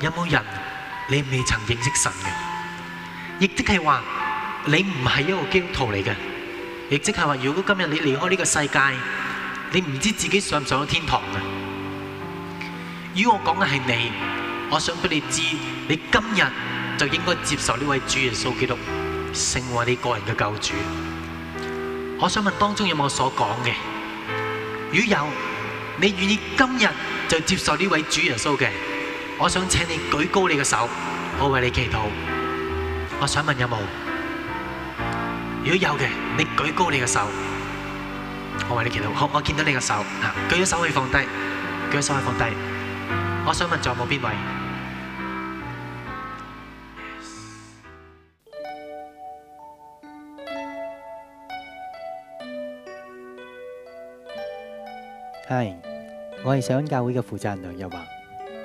有冇人？你未曾認識神嘅，亦即係話你唔係一個基督徒嚟嘅，亦即係話如果今日你離開呢個世界，你唔知自己上唔上到天堂嘅。如果我講嘅係你，我想俾你知，你今日就應該接受呢位主耶穌基督，成為你個人嘅救主。我想問當中有冇我所講嘅？如果有，你願意今日就接受呢位主耶穌嘅？我想請你舉高你嘅手，我為你祈禱。我想問有冇？如果有嘅，你舉高你嘅手，我為你祈禱。好，我見到你嘅手，舉咗手可以放低，舉咗手可以放低。我想問仲有冇邊位？係，我係上恩教會嘅負責人梁日華。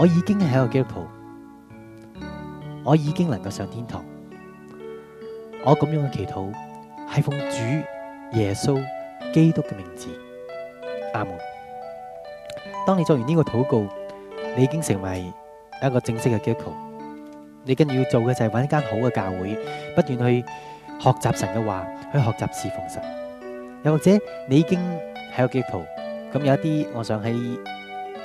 我已經係一個基督徒，我已經能夠上天堂。我咁樣嘅祈禱係奉主耶穌基督嘅名字，阿門。當你做完呢個禱告，你已經成為一個正式嘅基督徒。你跟住要做嘅就係揾一間好嘅教會，不斷去學習神嘅話，去學習侍奉神。又或者你已經係一個基督徒，咁有一啲我想喺。